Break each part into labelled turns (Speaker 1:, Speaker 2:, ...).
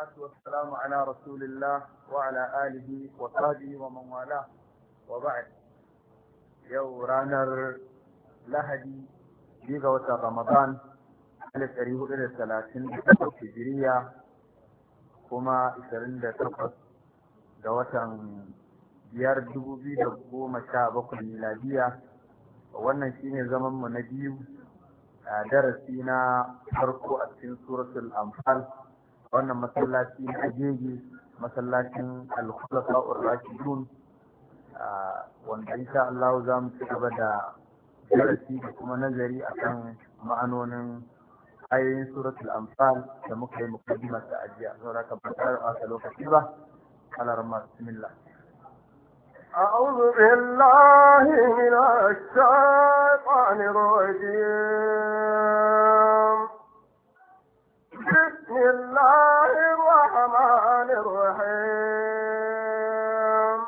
Speaker 1: salatu wassalamu ala rasulillah wa alihi wa sahbihi wa man wala yau ranar lahadi bi ga watan ramadan 1430 hijriya kuma 28 ga watan 5,017 miladiya wannan shine zaman mu na biyu a darasi na farko a cikin suratul Amfal. wannan masallaci na agege masallacin alkhulafa urashidun wanda insha Allah za mu ci gaba da darasi da kuma nazari a kan ma'anonin ayoyin suratul anfal da muka yi mukaddima ta ajiya saboda ka ba tare da lokaci ba kalar bismillah
Speaker 2: أعوذ بالله من الشيطان الرجيم بسم الله الرحمن الرحيم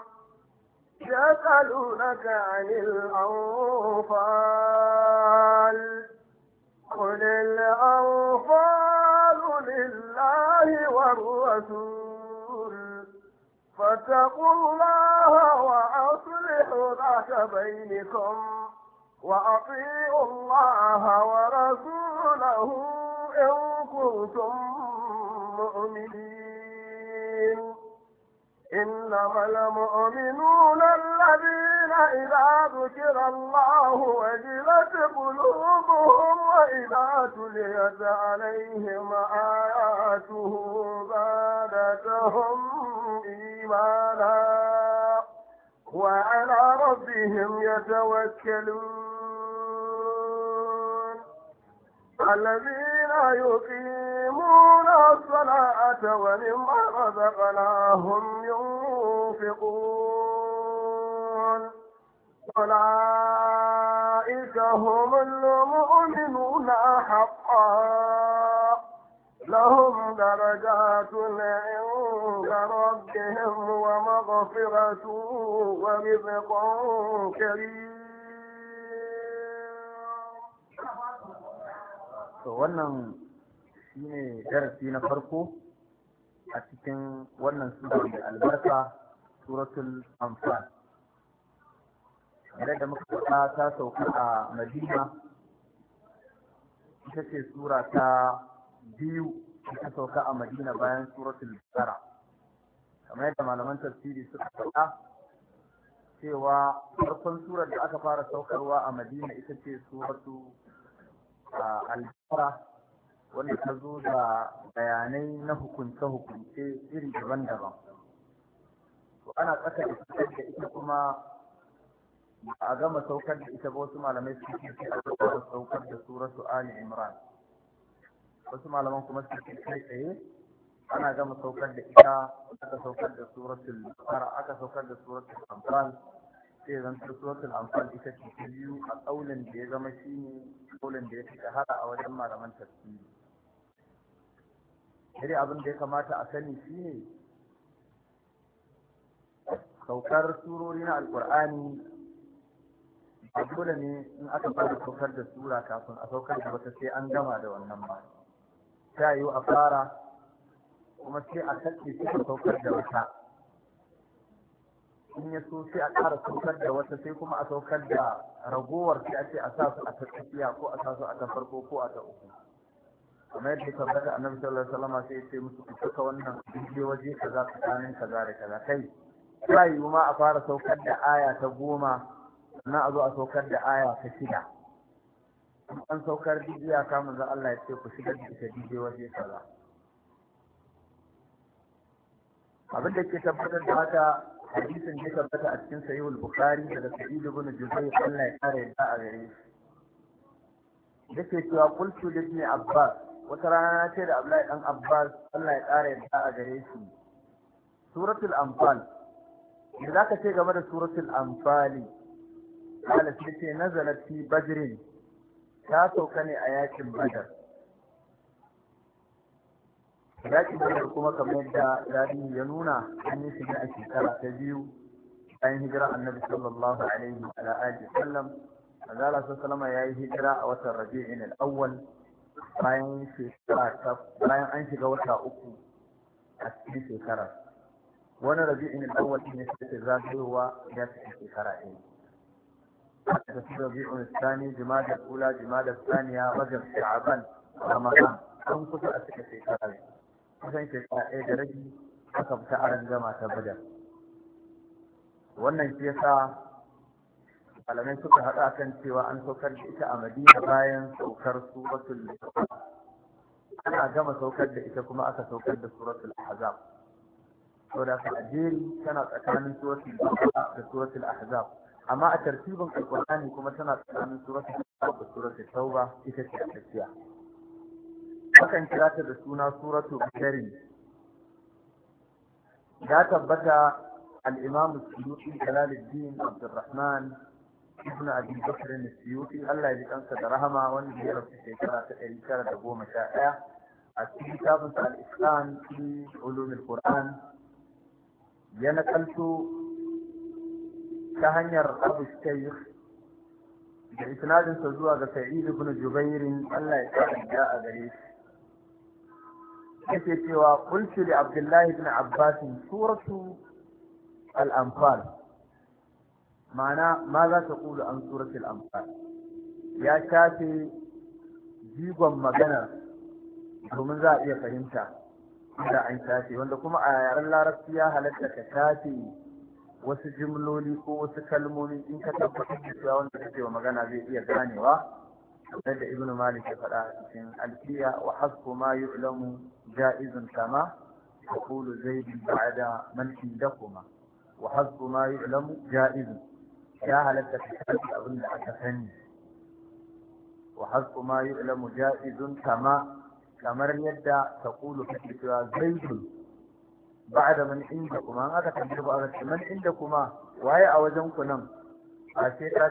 Speaker 2: يسألونك عن الأنفال قل الأنفال لله والرسول فاتقوا الله وأصلحوا ذات بينكم وأطيعوا الله ورسوله إن كنتم مؤمنين إنما المؤمنون الذين إذا ذكر الله وجلت قلوبهم وإذا تليت عليهم آياته زادتهم إيمانا وعلى ربهم يتوكلون الذين يقيمون الصلاة ومما رزقناهم ينفقون أولئك هم المؤمنون حقا لهم درجات عند ربهم ومغفرة
Speaker 1: ورزق كريم to wannan ne darasi na farko a cikin wannan sura mai albarka suratul anfal Yadda muka faɗa ta sauka a madina ita ce sura ta biyu ta sauka a madina bayan suratul bara kamar yadda malaman tafsiri suka faɗa cewa farkon surar da aka fara saukarwa a madina ita ce suratu ah, al fara wanda ta zo da bayanai na hukunce-hukunce iri daban-daban to ana tsaka da fitar da ita kuma a gama saukar da ita ba wasu malamai su ce a gama saukar da suratu ali imran wasu malaman kuma su ke kai tsaye ana gama saukar da ita aka saukar da suratul baqara aka saukar da suratul anfal sai zan suratul anfal ita ce ta biyu a tsaunin da ya zama shi ne tsaunin da ya fi shahara a wajen malaman tafsiri dare abin da ya kamata a sani shi ne. saukar surori na Alƙur'ani a dole ne in aka fara saukar da sura kafin a saukar da wata sai an gama da wannan ba ta yiwu a fara kuma sai a sake suka saukar da wata in ya so sai a ƙara saukar da wata sai kuma a saukar da ragowar sai a ce a sa su a ta ko a sa su a ta farko ko a ta uku kamar yadda ya tabbata annabi sallallahu alaihi wasallam sai ya ce musu ku saka wannan bidiyo waje kaza tsakanin kaza da kaza kai ta yiwu ma a fara saukar da aya ta goma na a zo a saukar da aya ta shida an saukar da iyaka manzo Allah ya ce ku shiga da ita waje kaza abin da ke tabbatar da haka hadisin ya tabbata a cikin sahihul bukhari daga Sa'idu ibn jubayr Allah ya kare yadda a gare shi yake cewa qultu li ibn abbas wata rana na ce da Abdullahi dan abbas Allah ya kare yadda a gare shi suratul anfal za ka ce game da suratul anfali Allah sai ce nazalat fi badrin ta sauka ne a yakin badar yaƙin badar kuma kamar yadda tarihi ya nuna an yi shiga a shekara ta biyu an hijira annabi sallallahu alaihi wa alihi sallam azala sallama ya yi hijira a watan rabi'in al-awwal bayan shekara ta bayan an shiga wata uku a cikin shekara wani rabi'in al-awwal ne sai zagayowa ya fi shekara ɗaya تفسير ربيع الثاني جماد الأولى جماد Shaaban رجب شعبان رمضان أنقذ أسئلة في كلامي kusan shekara ɗaya da rabi aka fita aran gama ta badar wannan shi sa malamai suka haɗa kan cewa an saukar da ita a madina bayan saukar suratul ana gama saukar da ita kuma aka saukar da suratul ahzab saboda ka ajeri tana tsakanin suratul baqara da suratul ahzab amma a tartibin alqur'ani kuma tana tsakanin suratul ahzab da suratul tauba ita ce a tsakiya akan kira ta da suna suratu bishari ya tabbata al'imamu suyuti jalaluddin abdurrahman ibn abi bakr suyuti allah ya kansa da rahama wanda ya rasu shekara ta ɗari tara da goma sha ɗaya a cikin tafinsa al-islam fi qur'an ya nakalto ta hanyar abu da isnadinsa zuwa ga sa'id ibn jubair Allah ya tsara a gare shi yake cewa qultu da Abdullahi ibn Abbasin suratu al-anfal ma'ana ma za ta kulu an suratu al-anfal ya shafe jigon magana domin za a iya fahimta da an shafe wanda kuma a yaren larabci ya halatta ka shafe wasu jimloli ko wasu kalmomi in ka tabbatar da cewa wanda kake wa magana zai iya ganewa kamar da ibnu malik ya faɗa cikin alfiya wa hasbu ma yu'lamu ja'izun kama ma, زيد بعد من عندكما وحظ ما يعلم جائز يا هل تتحدث أظن أتفني وحظ ما يعلم جائز كما كما man تقول فتلك زيد بعد من عندكما nan? تجرب أغسل من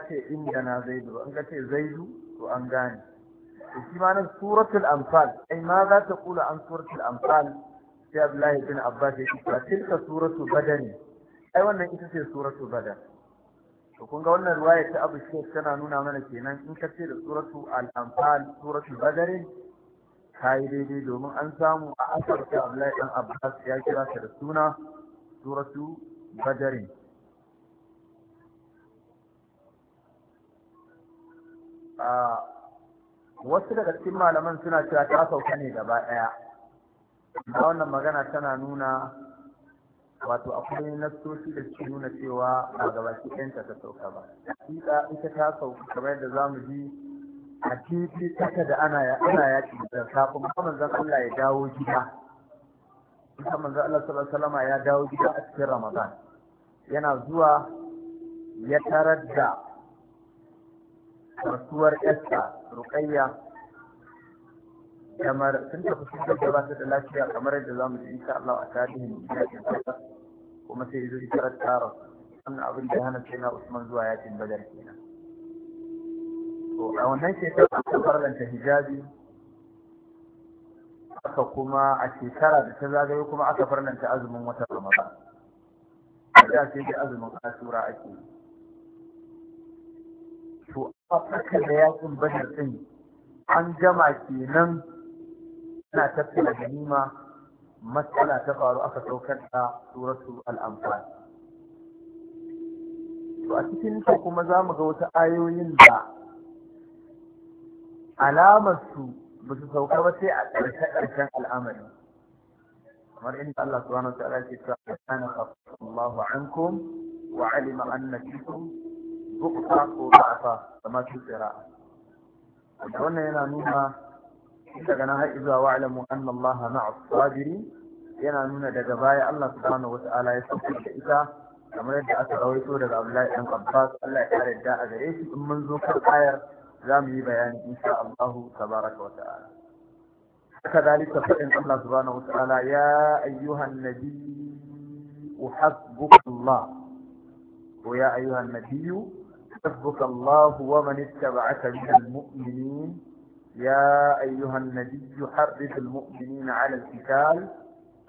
Speaker 1: ce inda na zaidu, an ka ce zaidu. to an gane to shi ma nan suratul anfal ai ma za ta kula an suratul anfal sai Abdullahi bin Abbas ya ce tilka suratul badani ai wannan ita ce suratul badan to kun ga wannan riwaya ta Abu Shaykh tana nuna mana kenan in ka ce da suratu al-anfal suratul badani kai daidai domin an samu a asar ta Abdullahi dan Abbas ya kira ta da suna suratu badani wasu daga cikin malaman suna cewa ta sauka ne gaba ɗaya da wannan magana tana nuna wato akwai nassoshi da suke nuna cewa a gabaki ɗanta ta sauka ba hakika ita ta sauka kamar yadda za mu ji a titi taka da ana ya ana yaƙi da kafin zan Allah ya dawo gida ita zan Allah sallallahu alaihi wasallam ya dawo gida a cikin Ramadan yana zuwa ya tarar da rasuwar esta rukayya kamar sun tafi sun da ba su da lafiya kamar yadda za mu ji insha Allah a tarihin yakin badar kuma sai zo isarar tara wannan abin da hana sai na Usman zuwa yakin badar kenan to a wannan shekara aka farlanta hijabi aka kuma a shekara da ta zagaye kuma aka farlanta azumin wata Ramadan da sai da azumin asura ake yi faɗaka da yakin badar ɗin an gama kenan ana tattala ganima matsala ta faru aka saukar da suratu al'amfani to a cikin ta kuma za mu ga wata ayoyin da alamar ba su sauka ba sai a ƙarshe-ƙarshen al'amari kamar inda Allah subhanahu wa ta'ala ke cewa ana kafa Allahu ankum wa alima annakum bukta ko ba'afa kama fi tsira wannan yana nuna daga nan har zuwa wa'lamu anna Allah ma'a yana nuna daga baya Allah subhanahu wata'ala ya sauke da ita kamar yadda aka rawaito daga Abdullahi dan Abbas Allah ya kare da a gare shi in mun zo kan ayar za mu yi bayani insha Allah tabaraka wata'ala haka dalika fadin Allah subhanahu wata'ala ya ayyuhan nabi uhabbuka Allah ko ya ayyuhan nabiyyu يحبك الله ومن اتبعك من المؤمنين يا أيها النبي حرص المؤمنين على القتال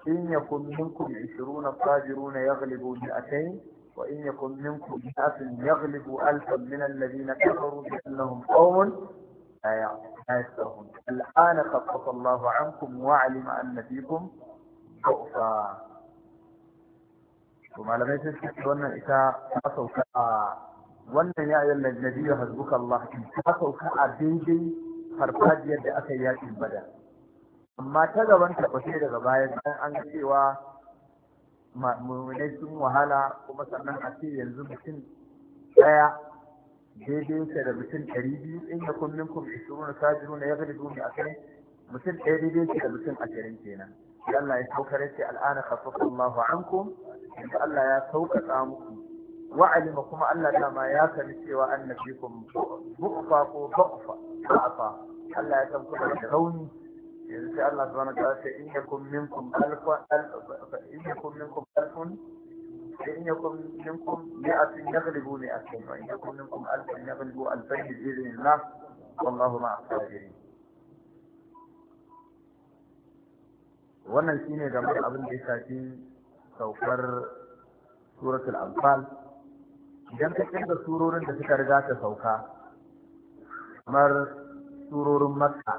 Speaker 1: إن يكن منكم عشرون صابرون يغلبوا مئتين وإن يكن منكم مئات يغلبوا ألفا من الذين كفروا بأنهم قوم لا يعلمون الآن خفف الله عنكم وعلم أن فيكم ضعفا وما لم يجد wannan ita ta wannan ya yi nabi ya hasbuka Allah ta sauka a daidai farfajiyar da aka yi yaƙin bada amma ta gaban tabbace daga bayan dan an cewa mummunai sun wahala kuma sannan a ce yanzu mutum ɗaya daidai sa da mutum ɗari biyu in ya kun minkum ishirun sajirun ya gari duni a kai mutum ɗaya daidai ka da mutum ashirin kenan sai Allah ya saukar ya ce al'ana khafafa Allahu ankum yanzu Allah ya sauka muku وعلمكم ان لا ما ياكل سوى أن فيكم بؤفة ضعفا ضعفة ألا يتمكن الشعون إن شاء الله سبحانه وتعالى فإن يكن منكم ألف فإن يكن منكم ألف فإن يكن منكم مائة يغلبوا مائة وان يكن منكم ألف يغلبوا ألفين بإذن الله والله مع الصابرين wannan shine gamar abin da ya shafi saukar suratul idan ka kirga surorin da suka riga ta sauka kamar surorin makka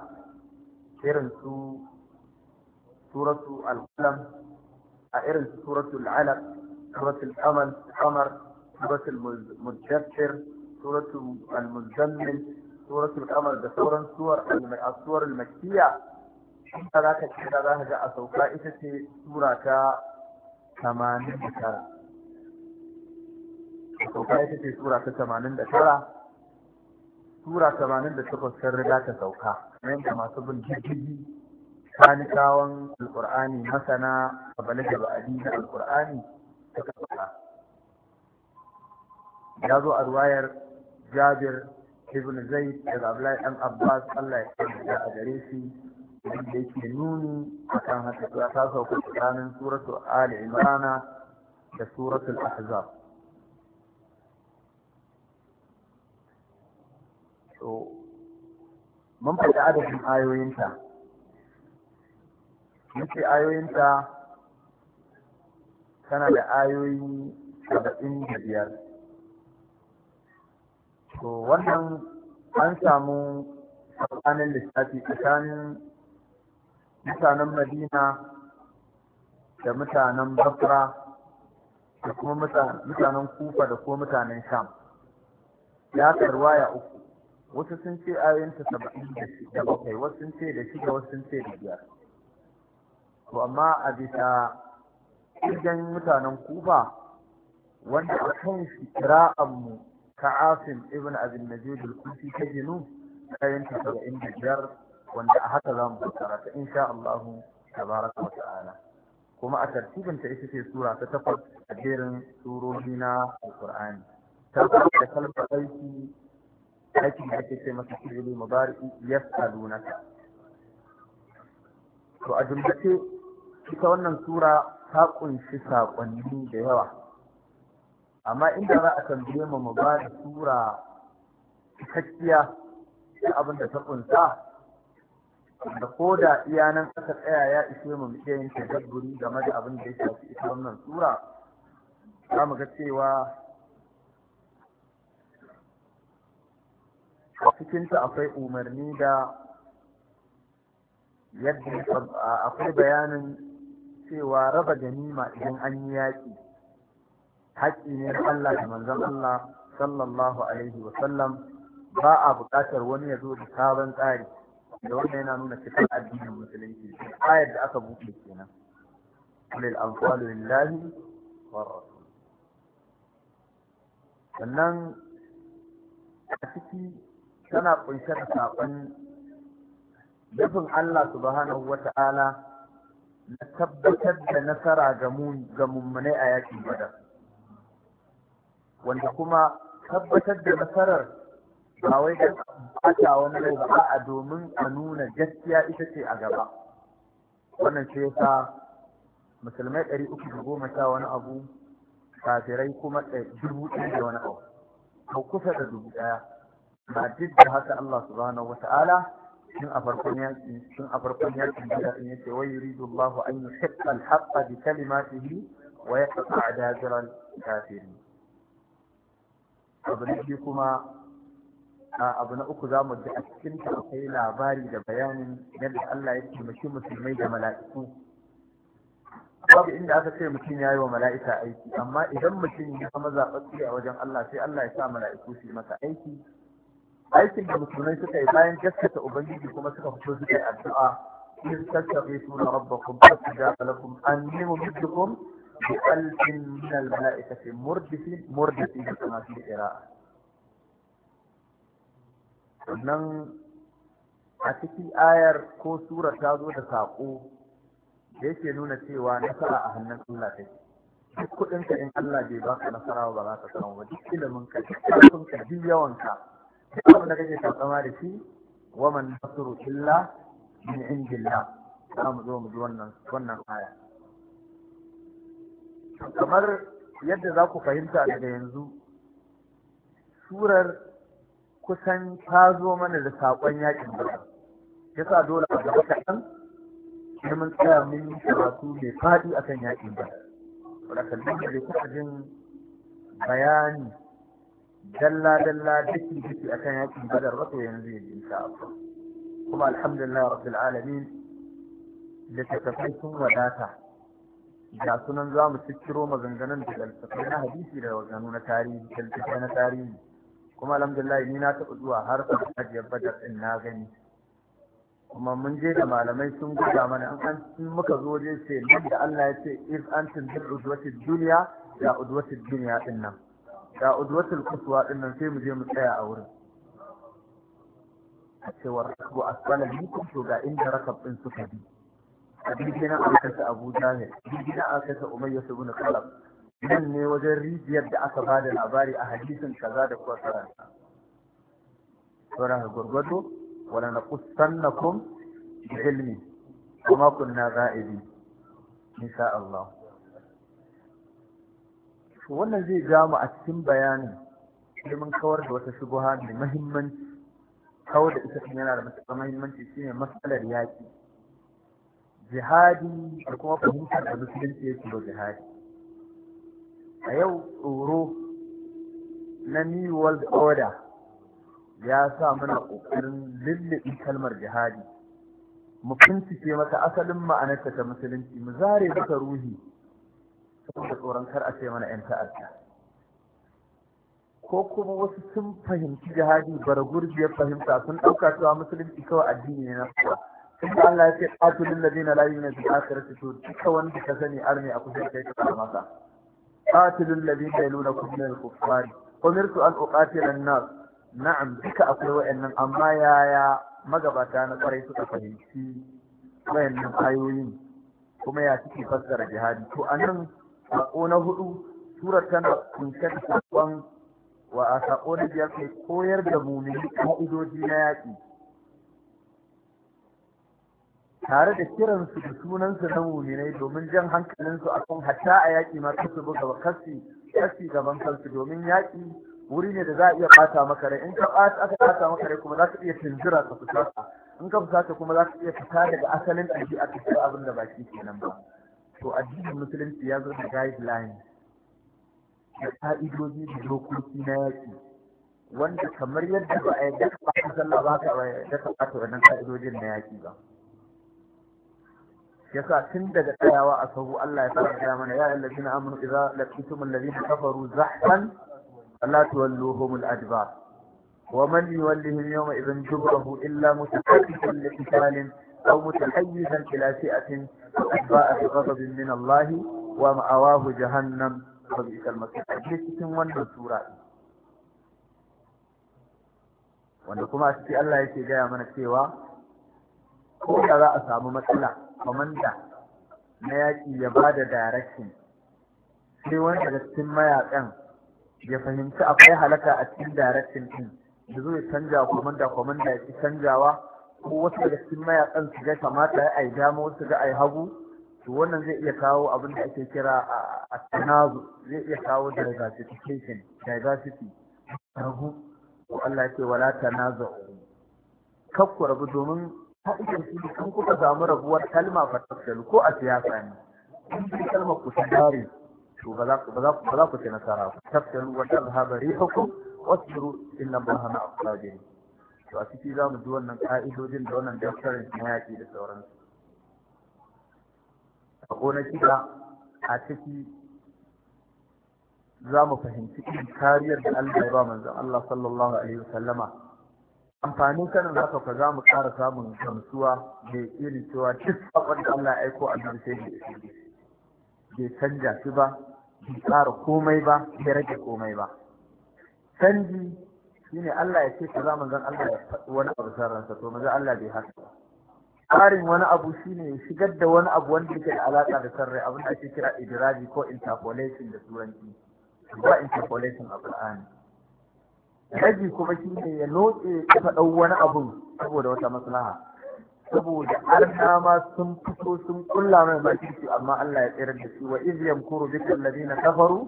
Speaker 1: irin su suratu al-qalam a irin su suratu al-alaq suratu al-qamal qamar suratu al-mujaffir suratu al-muzammil suratu al-qamar da sauran suwar al-suwar al-makkiya za ka kira za ka ga a sauka ita ce sura ta 89 sauka ita ce sura ta tamanin da tara sura tamanin da takwas ta riga ta sauka yanka masu bin jirgin kanikawan alƙur'ani masana a balaga ba'adi na alƙur'ani ta sauka ya zo a ruwayar jabir ibn zaid daga abdullahi dan abbas allah ya kanta a gare shi wanda yake nuni a kan haka ta sauka tsakanin suratu ali imrana da suratul ahzab to mun faɗi adadin ayoyinta mun ce ayoyinta tana da ayoyi saba'in da biyar to wannan an samu tsakanin lissafi tsakanin mutanen madina da mutanen basra da kuma mutanen kufa da kuma mutanen sham ya karwaya uku wasu sun ce ta saba'in da bakwai wasu sun ce da shida wasu sun ce da biyar to amma a bisa idan mutanen kufa wanda a kan shi kira'anmu ka asim ibn abin najib al-kufi ta ginu ta saba'in da biyar wanda a haka za mu fassara ta insha Allahu tabaraka wa ta'ala kuma a tartibinta ita ce sura ta takwas a jerin surori na alqur'ani ta da kalmar aiki aikin da ake ce masa fi'ili mubari yas'alunaka to a jumlace ita wannan sura ta kunshi sakonni da yawa amma inda za a tambaye mu mu sura cikakkiya da abin da ta kunsa da ko da iya nan aka tsaya ya ishe mu mu iya yin game da abin da ya shafi ita wannan sura za mu ga cewa a cikinta akwai umarni da yadda akwai bayanin cewa raba ganima idan an yi yaƙi haƙƙi ne Allah da manzon Allah sallallahu alaihi wa sallam ba a buƙatar wani ya zo da sabon tsari da wannan yana nuna cikin addinin musulunci ayar da aka buɗe kenan lil anfalu lillahi war sannan a ciki tana kunshe da saƙon dafin Allah subhanahu Ta'ala na tabbatar da nasara ga mummunai a yakin badar wanda kuma tabbatar da nasarar ba wai da bata wani ba a domin a nuna gaskiya ita ce a gaba wannan ce yasa musulmai ɗari uku da goma sha wani abu kafirai kuma dubu ɗaya da wani abu ko kusa da dubu ɗaya ba duk da haka Allah subhanahu wata'ala tun a farkon yakin tun a farkon yakin da in yace wa yuridu Allahu an yuhiqqa al-haqqa bi kalimatihi wa yaqta'a dajira al-kafirin abu kuma abu na uku za mu ji a cikin ta akwai labari da bayanin yadda Allah ya taimaki musulmai da mala'iku babu inda aka ce mutum ya yi wa mala'ika aiki amma idan mutum ya zama zaɓaɓɓe a wajen Allah sai Allah ya sa mala'iku su yi masa aiki aikin da musulmai suka yi bayan gaskata ubangiji kuma suka fito suka yi addu'a in tattaqitu rabbakum fastajaba lakum anni mumiddukum bi alfin min al malaikati murdisi da kuma fi qira'a sannan a cikin ayar ko sura ta zo da saƙo da yake nuna cewa nasara a hannun Allah take duk kuɗinka in Allah bai baka nasara ba za ka samu ba duk ilimin ka duk ka duk yawan ka abin da kake takama da shi wa man nasru illa min indillah za mu zo mu ji wannan wannan aya kamar yadda za ku fahimta daga yanzu surar kusan ta zo mana da saƙon yakin ya sa dole a gaba ta ɗan mun tsaya mun yi karatu mai faɗi akan yakin badar wadda kallon da kuma jin bayani dalla dalla daki akan yakin badar ba to yanzu yanzu insha abu. kuma alhamdulillah rabbil alamin da sun wadata ga sunan za mu cikiro maganganun da littattafai na hadisi da maganganu na tarihi littattafai na tarihi kuma alhamdulillah ni na taɓa zuwa har ajiyar badar ɗin na gani kuma mun je da malamai sun gwada mana an an muka zo je ce nan da Allah ya ce if antum bil udwati dunya ya udwati dunya din nan ga udwatul quswa din nan sai mu je mu tsaya a wurin a cewar rabu asfala bikum to ga inda rakab din suka bi a jirgin alkasa abu jahil jirgin alkasa umayya ibn khalaf nan ne wajen rijiyar da aka bada labari a hadisin kaza da kuwa karanta sauran gwargwado, wani na kusannakum bi ilmi kuma kunna za'ibi insha Allah wannan zai ja mu a cikin bayanin ilimin kawar da wata shubuha mai mahimmanci kawar da ita yana da matuƙar muhimmanci shine matsalar yaƙi jihadi da kuma fahimtar da musulunci ya ba jihadi a yau tsoro na new world order ya sa mana ƙoƙarin lullubi kalmar jihadi mu bincike mata asalin ma'anarta ta musulunci mu zare duka ruhi saboda tsoron kar a ce mana 'yan ta'adda ko kuma wasu sun fahimci jihadi bara gurbiyar fahimta sun ɗauka cewa musulunci kawai addini ne na kuwa sun ba Allah ya ce zina layu la yu'minuna bil su to duka wanda ka sani arne a kusa kai ka masa qatilul ladina yalunakum min kufari kwamir su an uqatila an na na'am duka akwai wa'annan amma yaya magabata na kwarai suka fahimci wayannan ayoyin kuma ya suke fassara jihadi to a nan sako na hudu surar tana kunshe da sakon wa a sako na biyar kai koyar da mumini ka'idoji na yaƙi tare da kiransu da sunansu na muminai domin jan hankalinsu a kan hatta a yaƙi ma kasu buga kasi kasi gaban kansu domin yaƙi wuri ne da za a iya ɓata maka rai in ka aka ɓata maka rai kuma za ka iya tunzura ka fusata in ka fusata kuma za ka iya fita daga asalin a cikin abin da baki kenan ba to addinin musulunci ya zo da guideline da ka'idoji da dokoki na yaƙi wanda kamar yadda ba a yadda ka ɓata sallah ba ka yadda ka ɓata wannan ka'idojin na yaƙi ba yasa tun daga tsayawa a sahu Allah ya fara gaya mana ya allazina amanu idza laqitum allazina kafaru zahfan fala tuwalluhum al-adbar wa man yuwallihim yawma idhin dubrahu illa mutaqabbifan li qitalin أو متحيزا إلى فئة أتباع بغضب من الله ومأواه جهنم وبئس المصير أجلس وان سورة wanda kuma a ciki Allah yake gaya mana cewa ko da za a samu matsala kwamanda na yaƙi ya ba da direction sai wani daga cikin mayaƙan ya fahimci akwai halaka a cikin direction ɗin da zai canja kwamanda kwamanda ya canjawa ko wasu daga cikin mayakan su ga kamata a yi dama wasu ga a yi hagu to wannan zai iya kawo abin da ake kira a tanazu zai iya kawo diversification diversity ragu ko Allah ce wala tanazu kakku rabu domin fa'idar shi kan kuka samu rabuwar kalma fa tafsiru ko a siyasa ne in kalmar ku ta dare to ba za ku ci nasara ku tafsiru wa tazhaba rihukum wasbiru inna allaha ma'as sabirin to a ciki za mu ji wannan ƙa'idojin da wannan daftarin na yaƙi da sauransu a ƙona kika, a ciki za mu fahimci irin kariyar da Allah ya ba manzon Allah sallallahu alaihi wasallama amfanin sanin za fa za mu ƙara samun gamsuwa da irin cewa duk sakon da Allah ya aiko a nan sai bai canja shi ba bai ƙara komai ba bai rage komai ba canji shine Allah ya ce kaza manzon Allah ya faɗi wani abu sarransa to manzon Allah bai haka tsarin wani abu shine ya shigar da wani abu wanda yake da alaka da sarrai abin da ake kira idraji ko interpolation da turanci ba interpolation a Qur'ani raji kuma ne ya lotse ka wani abu saboda wata maslaha saboda arna ma sun fito sun kulla mai makirci amma Allah ya tsira da su, wa iz yamkuru bika alladhina kafaru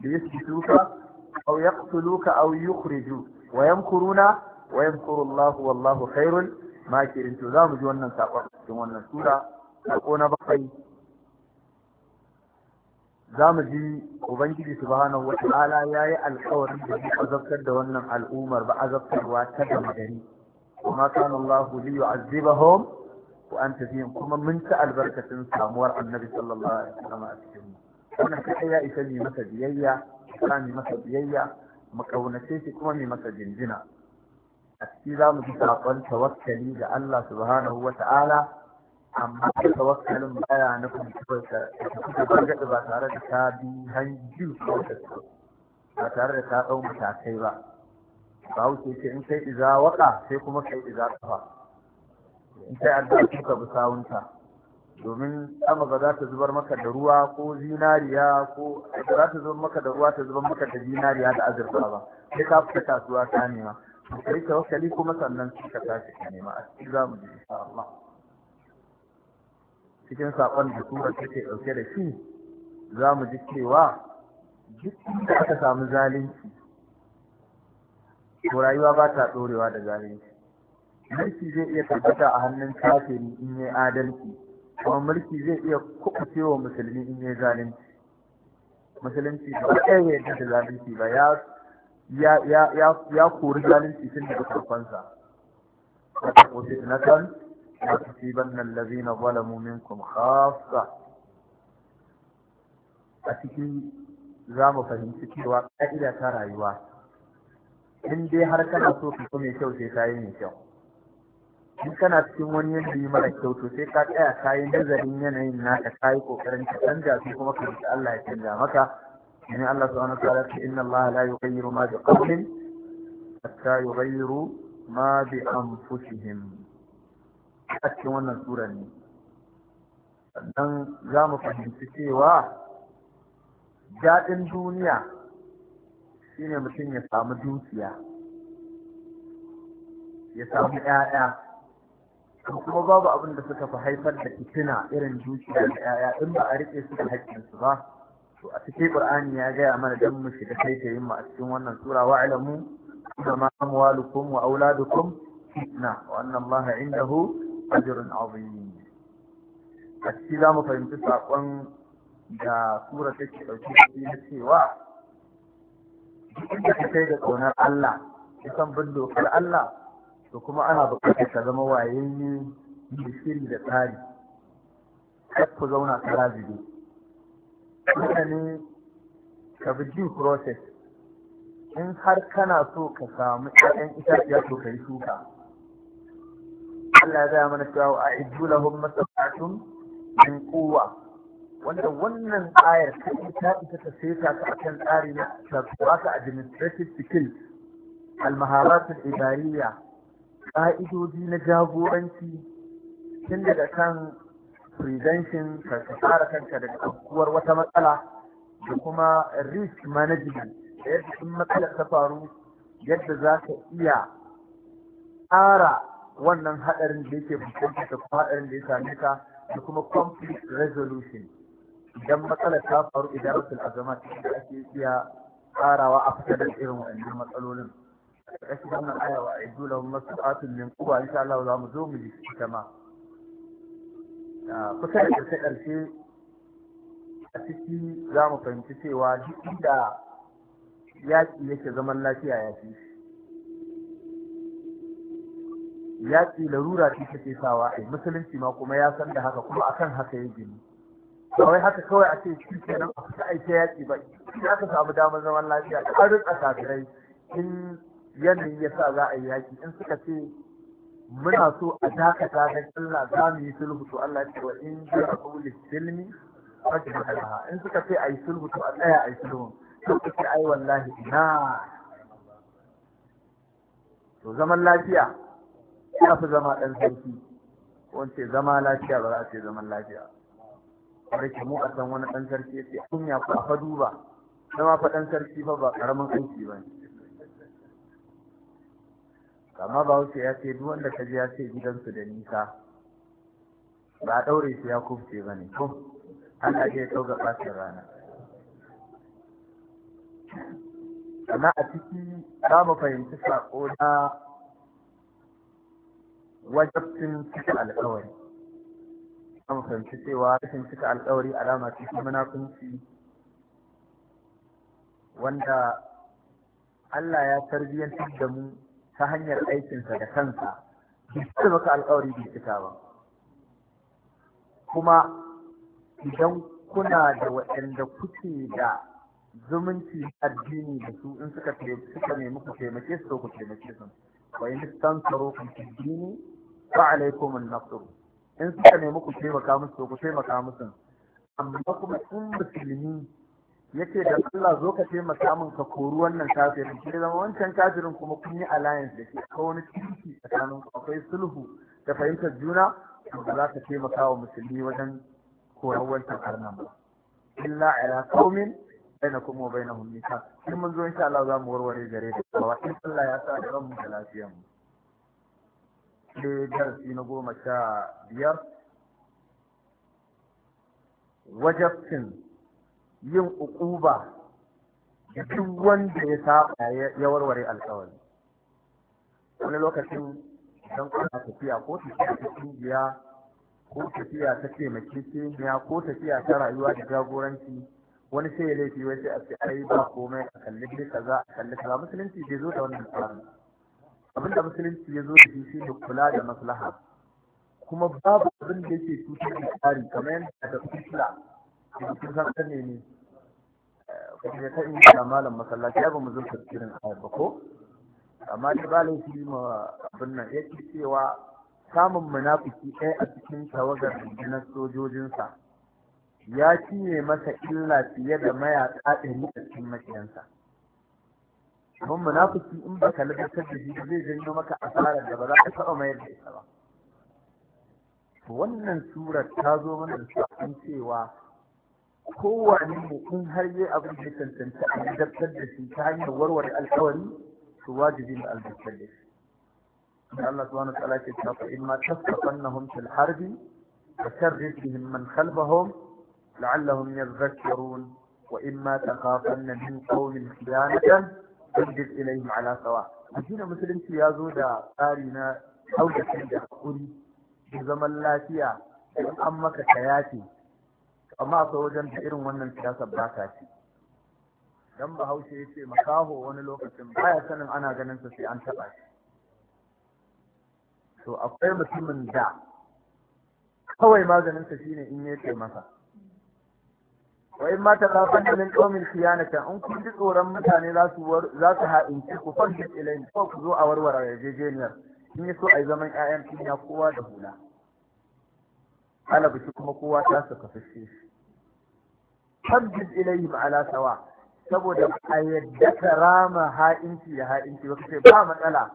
Speaker 1: bi yasbituka aw yaqtuluka aw yukhriju wa yamkuruna wa yamkuru Allah wallahu khairul makirin zamu ji wannan sakon cikin wannan sura sako na bakwai zamu ji ubangiji subhanahu wa ta'ala yayi alƙawarin da zai azabtar da wannan al'ummar ba azabtarwa ta gari kuma kana Allah li yu'azzibahum wa anta fihim kuma mun ta albarkatin samuwar annabi sallallahu alaihi wasallam a wannan ya isa ne masa biyayya za mai masa biyayya mu kaunace shi kuma mai masa jinjina a ciki za mu ji saƙon tawakkali ga Allah subhanahu wa ta'ala amma tawakkalin baya na kuma ka tafi ba tare da ta bi hanji ko ta ba tare da ta ɗau matakai ba ba wuce ce in kai iza waka sai kuma kai iza kafa in kai addu'a ka bisa wunta domin sama ba za ta zubar maka da ruwa ko zinariya ko ba za ta zubar maka da ruwa ta zubar maka da zinariya da azurfa ba sai ka fita kasuwa ta nema kai tawakkali kuma sannan sai ka tashi ka nema a cikin zamu ji insha Allah cikin sakon da sura take dauke da shi zamu ji cewa duk inda aka samu zalunci ko rayuwa ba ta dorewa da zalunci mulki zai iya tabbata a hannun kafiri in yi adalci kuma mulki zai iya kuɓuce wa musulmi in ya zalunci musulunci ba ɗaya ya yarda da zalunci ba ya ya kori zalunci tun daga farkonsa wata kusi na kan na kusi ban nan lazi na zalamu kuma a cikin za mu fahimci cewa ƙa'ida ta rayuwa in dai har kana so ka kyau sai ka yi mai kyau in kana cikin wani yanayi mara kyau sai ka tsaya ka yi nazarin yanayin naka ka yi kokarin ka canja su kuma ka roki Allah ya canja maka in Allah su wani ta'ala ka inna Allah la yughayyiru ma bi qawmin hatta yughayyiru ma bi anfusihim a cikin wannan sura ne sannan za mu fahimci cewa daɗin duniya shine mutum ya samu dukiya ya samu 'ya'ya kuma babu abin da suka fi haifar da fitina irin dukiya da yaya in ba a rike su da haƙƙinsu ba to a cikin qur'ani ya gaya mana dan mu shiga kai ta mu a cikin wannan sura wa alamu kama amwalukum wa auladukum fitna wa anna allah indahu ajrun azim a cikin za mu fahimci saƙon da sura take ɗauke da na cewa duk inda kai da ƙaunar Allah ya san bin dokar Allah to kuma ana bukatar ka zama wayayye da shiri da tsari kar ku zauna kara zube mutane ka bi due process in har kana so ka samu ƴaƴan itaciya to ka yi shuka Allah ya mana cewa a iddu lahum masalatun min quwwa wanda wannan ayar ta ita ita ta seta ta akan tsari na ta ta administrative skills al-maharat al ƙa'idoji na jagoranci tun daga kan prevention ka tsara kanka daga afkuwar wata matsala da kuma risk management da yadda sun matsalar ta faru yadda za ka iya tsara wannan haɗarin da yake fuskanta da kuma haɗarin da ya same ka da kuma conflict resolution idan matsala ta faru idan rasul azama da ake iya tsarawa a fitar da irin wannan matsalolin ƙarƙashin wannan aya wa aidu lahum mas'atun min quwa insha Allah za mu zo mu ji ita ma kusa da ƙarshe ƙarshe a ciki za mu fahimci cewa duk inda yaƙi yake zaman lafiya ya fi yaƙi larura ce take sawa ai musulunci ma kuma ya san da haka kuma akan haka ya gini kawai haka kawai a ce shi kenan a fita aike yaƙi ba in ka samu damar zaman lafiya da an rika kafirai yanayi ya sa za a yi yaƙi in suka ce muna so a dakata da Allah za mu yi sulhu to Allah ce wa in ji a kulli silmi fati mahalaha in suka ce a yi sulhu to a tsaya a yi sulhu to kuke ai wallahi na. to zaman lafiya ya fi zama ɗan sarki wance zama lafiya ba za a ce zaman lafiya rike mu a san wani ɗan sarki ya ce ku a fa duba zama fa ɗan sarki fa ba ƙaramin aiki ba ne amma ba wuce ya ce duk wanda ka je ya ce gidansu da nisa ba a ɗaure shi ya kufce ba ne an Allah ya ɗauka ɓacin rana amma a ciki za mu fahimci saƙo na wajabcin cika alƙawari za mu fahimci cewa rashin cika alƙawari alama ce ta munafunci wanda Allah ya tarbiyyantar da mu ta hanyar aikinsa da kansa bai maka alƙawari bai cika ba kuma idan kuna da waɗanda kuke da zumunci addini da su in suka suka nemi ku taimake su ku taimake su wa in tansaru kun addini fa alaikum an-nasr in suka nemi ku taimaka musu ku taimaka musu amma kuma in musulmi yake da Allah zo ka taimaka min ka kori wannan kafirin ke zama wancan kafirin kuma kun yi alliance da shi ko wani tiki tsakanin akwai sulhu da fahimtar juna da za ka taimaka wa musulmi wajen koran wancan karnan ba illa ala qaumin kuma wa bainahum in mun zo insha Allah za mu warware gare da kowa in Allah ya sa da mu da lafiya mu sai darasi na goma sha biyar wajabtin yin ukuba, da duk wanda ya saba ya warware alƙawari wani lokacin don kana tafiya ko tafiya ta kungiya ko tafiya ta taimakekeniya ko tafiya ta rayuwa da jagoranci wani sai ya laifi wai sai a ce ai ba komai a kalli dai kaza a kalli kaza musulunci bai zo da wannan tsarin abinda musulunci ya zo da shi ne kula da maslaha kuma babu abin da yake cutar da tsari kamar yadda da fitila cikin sassan ne kuma ta yi eh, da malam masallaci ya ba mu zurfa cikin ayaba ko amma da ba laifi ma abin nan ce cewa samun munafiki ɗaya a cikin tawagar rundunar sojojinsa ya cinye masa illa fiye da mayaƙa ɗari a cikin maƙiyansa don munafiki in ba ka ladabtar da shi zai janyo maka asarar da ba za ka taɓa mayar da ita ba wannan surar ta zo mana da sakon cewa kowane ne in har yi abin da tantance a daftar da shi ta hanyar warware alkawari su wajibi na albarkar da shi da Allah subhanahu wa ta'ala ke cewa fa in ma tasqafannahum fil harbi wa kalba hom. man khalfahum la'allahum yadhakkarun wa in ma taqafanna min qawmin khiyanatan fadid ilayhim ala sawa addinin musulunci ya zo da tsari na hauda da hakuri da zaman lafiya in an maka kayati amma akwai wajen irin wannan siyasar ba ta dan bahaushe ya ce makaho wani lokacin baya sanin ana ganin sa sai an taɓa shi to akwai mutumin da kawai maganin sa shine in yace masa wa in ma taqafan min qawmin khiyanata in kun ji tsoron mutane za su za su ci ku fanki ilayhi ko ku zo a warware yarjejeniyar in yaso ai zaman ƴaƴan kinya kowa da hula ana biki kuma kowa ta saka fashe Tabbid ilayhim ala sawa saboda a yadda rama ha'inci ya ha'inci ba ce ba matsala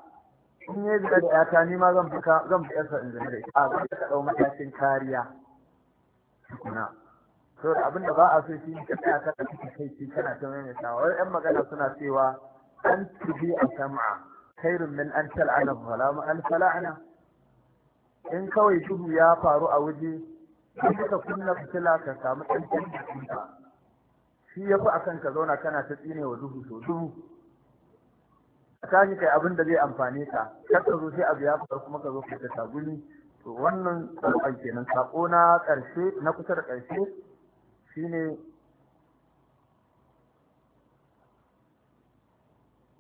Speaker 1: in ya zira da yata ni ma zan fuka zan fi yarsa in zama da ita a zan ka matakin kariya na saboda abin da ba a so shi ka tsaya ka kake kai shi kana ta mai sawa wai yan magana suna cewa an tubi a sam'a khairun min an tal'ana zalama an fala'ana in kawai duhu ya faru a waje in ka kunna fitila ka samu ɗan ka. shi ya fi akan ka zauna kana ta tsine wa duhu so duhu ka tashi kai abin da zai amfani ka kar ka zo sai abu ya faru kuma ka zo ka ta sabuni to wannan tsarfan kenan saƙo na ƙarshe na kusa da ƙarshe shine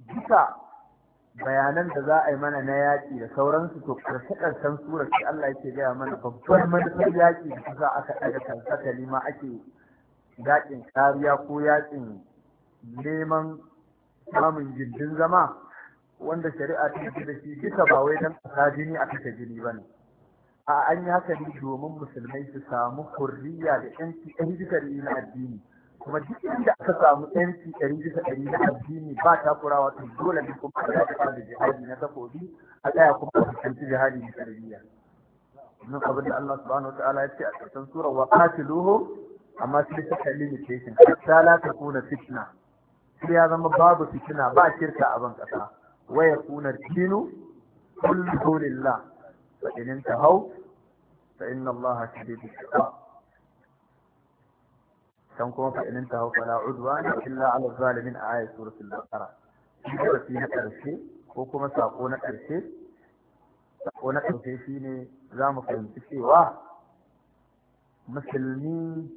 Speaker 1: duka bayanan da za a yi mana na yaƙi da sauransu to da karshen sura sai Allah yake gaya mana babbar manufar yaƙi da kusa aka ɗaga kansakali ma ake yaƙin kariya ko yaƙin neman samun gindin zama wanda shari'a ta yi da shi duka ba wai don ƙasa jini a kasa jini ba ne a an yi haka ne domin musulmai su samu kurriya da 'yanci ɗan jikari na addini kuma duk inda aka samu yanci ɗari bisa ɗari na addini ba takurawa to dole ne kuma a tsaya da jihadi na takobi a tsaya kuma a fuskanci jihadi na tarbiyya nan abin da Allah subhanahu wataala ya ce a ƙarshen sura wa qatiluhum amma sai suka limitation Ta la kuna fitna sai ya zama babu fitina ba shirka a ban kasa kuna yakuna dinu kullu lillah fa ta hau? fa inna Allah shadidul iqab كان كما فإن انتهوا فلا عدوان إلا على الظالمين آية سورة البقرة كده في نكرشي وكما ساقو نكرشي ساقو نكرشي شيني زام فهمت شيوا مسلمي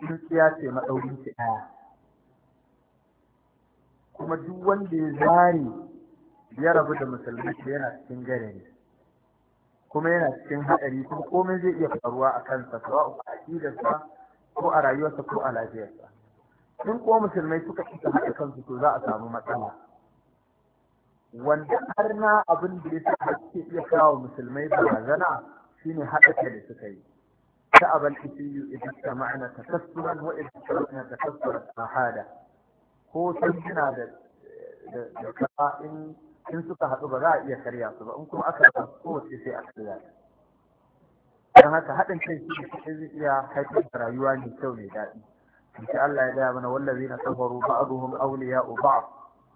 Speaker 1: dukiya ce maɗaurin ki ɗaya kuma duk wanda ya zari ya rabu da musulmi yana cikin garari kuma yana cikin haɗari kuma komai zai iya faruwa a kansa sawa a ko a rayuwarsa ko a lafiyarsa in ko musulmai suka isa haɗa kansu to za a samu matsala wanda har na abin da ya sa suke iya kawo musulmai barazana shine haɗa kai da suka yi شعب الحسي إذا استمعنا تكسرا وإذا استمعنا تكسرا أحادا ko sun suna da da in in suka haɗu ba za a iya karya su ba in kuma aka ko sai a karya don haka haɗin kai shi da zai iya haifar da rayuwa mai kyau mai daɗi insha Allah ya daya mana wallazi na kafaru aure ya ba'd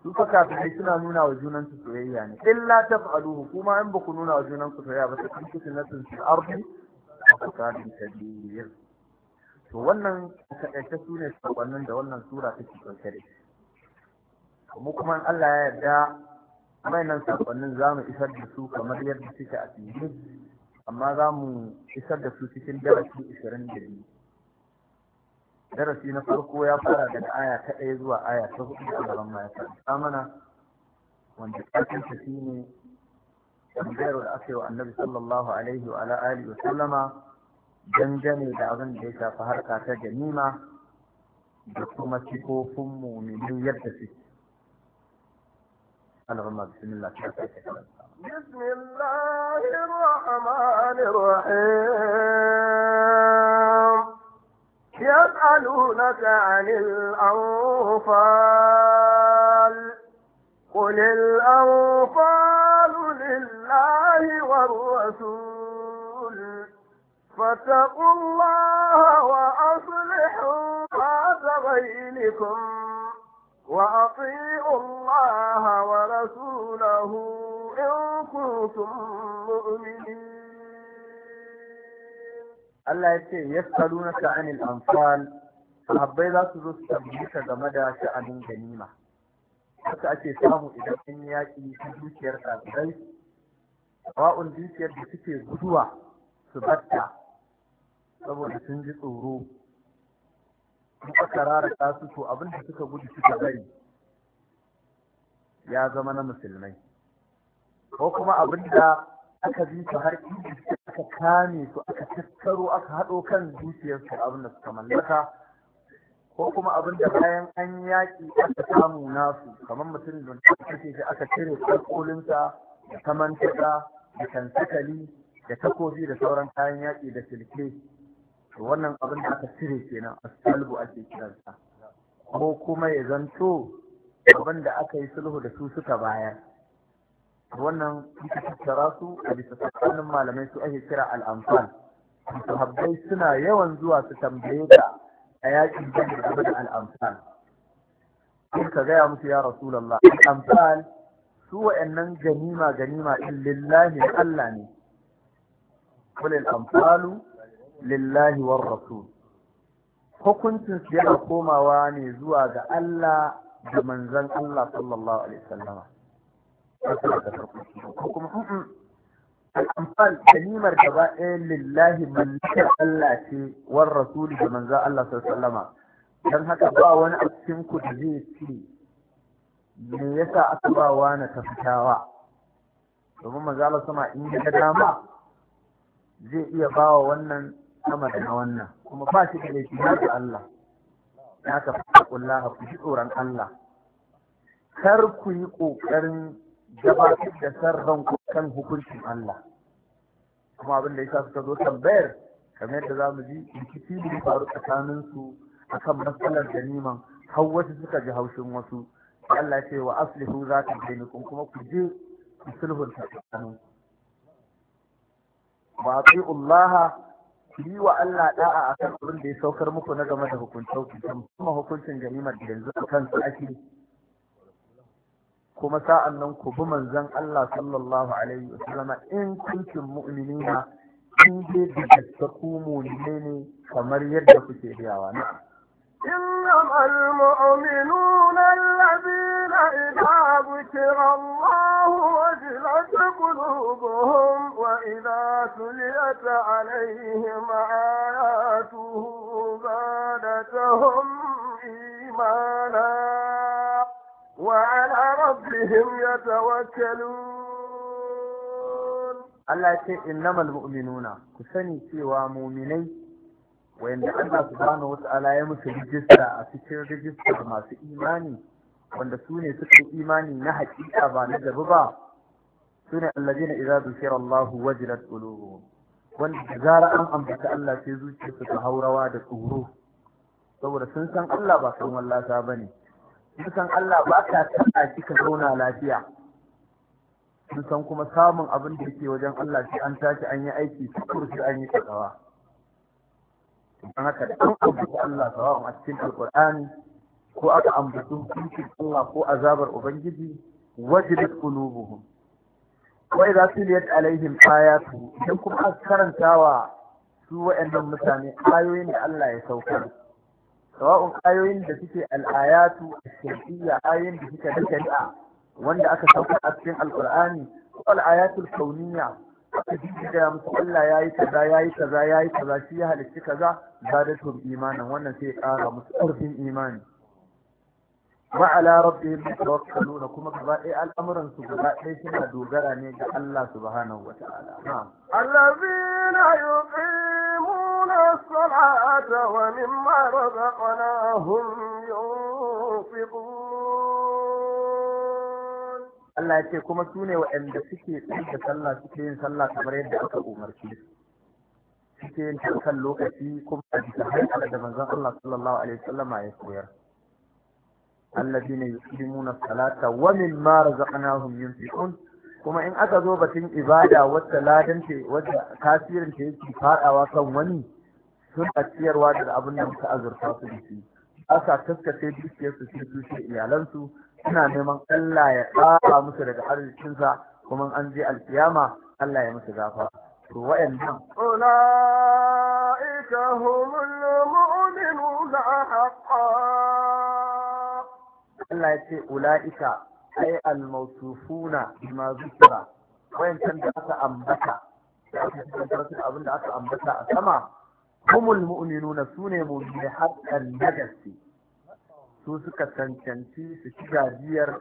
Speaker 1: su fa kafirai suna nuna wa junan su soyayya ne illa aluhu kuma in ba ku nuna wa junan ku soyayya ba na sun su nasin a kusa da ta biyar. to wannan kaɗaice su ne saƙonnin da wannan sura ke ɗauke da shi mu kuma Allah ya yarda nan saƙonnin za mu isar da su kamar yadda suke a cikin amma za mu isar da su cikin darasi 22 darasi na farko ya fara daga aya ta ɗaya zuwa aya ta hudu da gaban ma ya faɗa mana wanda ƙarfin ta shi ne tambayar da aka yi wa annabi sallallahu alaihi wa ala alihi wa sallama dangane da abin da ya shafi harka ta ganima da kuma sifofin muminin yadda suke. Allahumma bismillah ta kai ta
Speaker 2: بسم الله الرحمن الرحيم يسألونك عن الأنفال قل الأنفال لله والرسول فاتقوا الله وأصلحوا بعد بينكم وأطيعوا الله ورسوله in kuntum
Speaker 1: Allah ya ce na sha'anin anfal sahabbai za su zo su tambayi ka game da sha'anin ganima haka ake samu idan an yaƙi ta dukiyar ɗazirai, wa'un dukiyar da suke guduwa su batta saboda sun ji tsoro in aka rarraka su to abin da suka gudu suka bari ya zama na musulmai ko kuma abin da aka bi su har inda aka kame su aka tattaro aka haɗo kan zuciyarsu abin da suka mallaka ko kuma abin da bayan an yaƙi aka samu nasu kamar mutum da kake shi aka cire kalkolinsa da kamantaka da kansakali da takobi da sauran kayan yaƙi da silke to wannan abin da aka cire kenan asalbu ake kiransa ko kuma ya zanto abin da aka yi sulhu da su suka bayar wannan suka tattara su a bisa tsakanin malamai su ake kira al'amfal sahabbai suna yawan zuwa su tambaye ka a yakin jihar game da al'amfal in ka gaya musu ya rasulallah Al'amfan, su wa'annan ganima ganima in lillahi Allah ne kul al'amfalu lillahi war rasul hukuncin su yana komawa ne zuwa ga Allah da manzon Allah sallallahu alaihi wasallama ko kuma al'amfal ganimar gaba ɗaya lillahi mallakar Allah ce war rasuli da manzo Allah sallama don haka ba wani a cikin ku da zai ce me yasa aka ba wa na tafitawa domin manzo Allah sama in ga dama zai iya bawa wannan sama da na wannan kuma ba shi da laifi da Allah ya ka fara kullaha ku ji tsoron Allah kar ku yi ƙoƙarin gabatar da sarran kan hukuncin Allah kuma abin da ya suka zo tambayar kamar yadda za mu ji rikici ne faru tsakanin su akan matsalar ganiman har wasu suka ji haushin wasu Allah ce wa aslihu za ta bainakum kuma ku je ku sulhunta tsakanin wa Allah yi wa Allah da'a akan abin da ya saukar muku na game da hukuncin musamman hukuncin ganimar da yanzu a kansu ake kuma sa'an nan ku bi manzan Allah sallallahu alaihi wasallam in mu’ulini mu'minina in je da gaske ku mu'mine ne kamar yadda kuke biyawa na
Speaker 2: إنما المؤمنون الذين إذا ذكر الله وجلت قلوبهم وإذا تليت عليهم آياته زادتهم إيمانا وعلى ربهم يتوكلون
Speaker 1: الله يقول إنما المؤمنون كسني سوى مؤمنين وإن الله سبحانه وتعالى يمس رجستا أفكر رجستا ما في إيماني وإن سوني سكت إيماني نهج إيابا نجب با سوني الذين إذا ذكر الله وجلت قلوبهم وإن جزار أم أم بك في زوجة تهوروا دكوروه saboda sun san Allah ba san wallasa san Allah ba ka taɓa kika zauna lafiya Sun san kuma samun abin da yake wajen Allah shi an tashi an yi aiki su sai an yi tsakawa don haka da an da Allah sawa'un a cikin alƙur'ani ko aka ambaci hukuncin Allah ko azabar ubangiji wajilat qulubuhum wa idza tuliyat alaihim ayatu idan kuma karanta karantawa su wa'annan mutane ayoyin da Allah ya saukar sawa'un ayoyin da suke al'ayatu shari'iyya ayoyin da suke da shari'a wanda aka sauka a cikin ko al'ayatu kauniyya aka jijjiga musu Allah yi kaza yayi kaza yayi kaza shi ya halicci kaza zadatum imanin wannan sai ya kara musu ƙarfin imani wa ala rabbihim yatawakkaluna kuma gaba ɗaya al'amuran su gaba ɗaya suna dogara ne ga Allah subhanahu wata'ala na'am
Speaker 2: allazina yuqim الصلاة ومما رزقناهم ينفقون
Speaker 1: الله يتي كما سوني وإن دفكي سكي صلى سكين صلى كبر يد أكا أمركي سكي ينتقل لوكتي كما تتحيي على دمزان الله صلى الله عليه وسلم يا يسوير الذين يسلمون الصلاة ومما رزقناهم ينفقون kuma in aka zo batun ibada wata ladanta wata tasirin ta yake fadawa kan wani suna ciyarwa da abin da muka azurta su da shi aka taskace dukiyarsu sai su ce iyalansu suna neman Allah ya tsara musu daga arzikinsa kuma an je alkiyama Allah ya musu gafa to wa'annan
Speaker 2: ulaika humul mu'minuna haqqan
Speaker 1: Allah ya ce ulaika ai al-mawsufuna bima zikra wayancan da aka ambata da aka ambata abin da aka ambata a sama هم المؤمنون سنهم بحق النجس سوسك تنتنتي سكيجا دير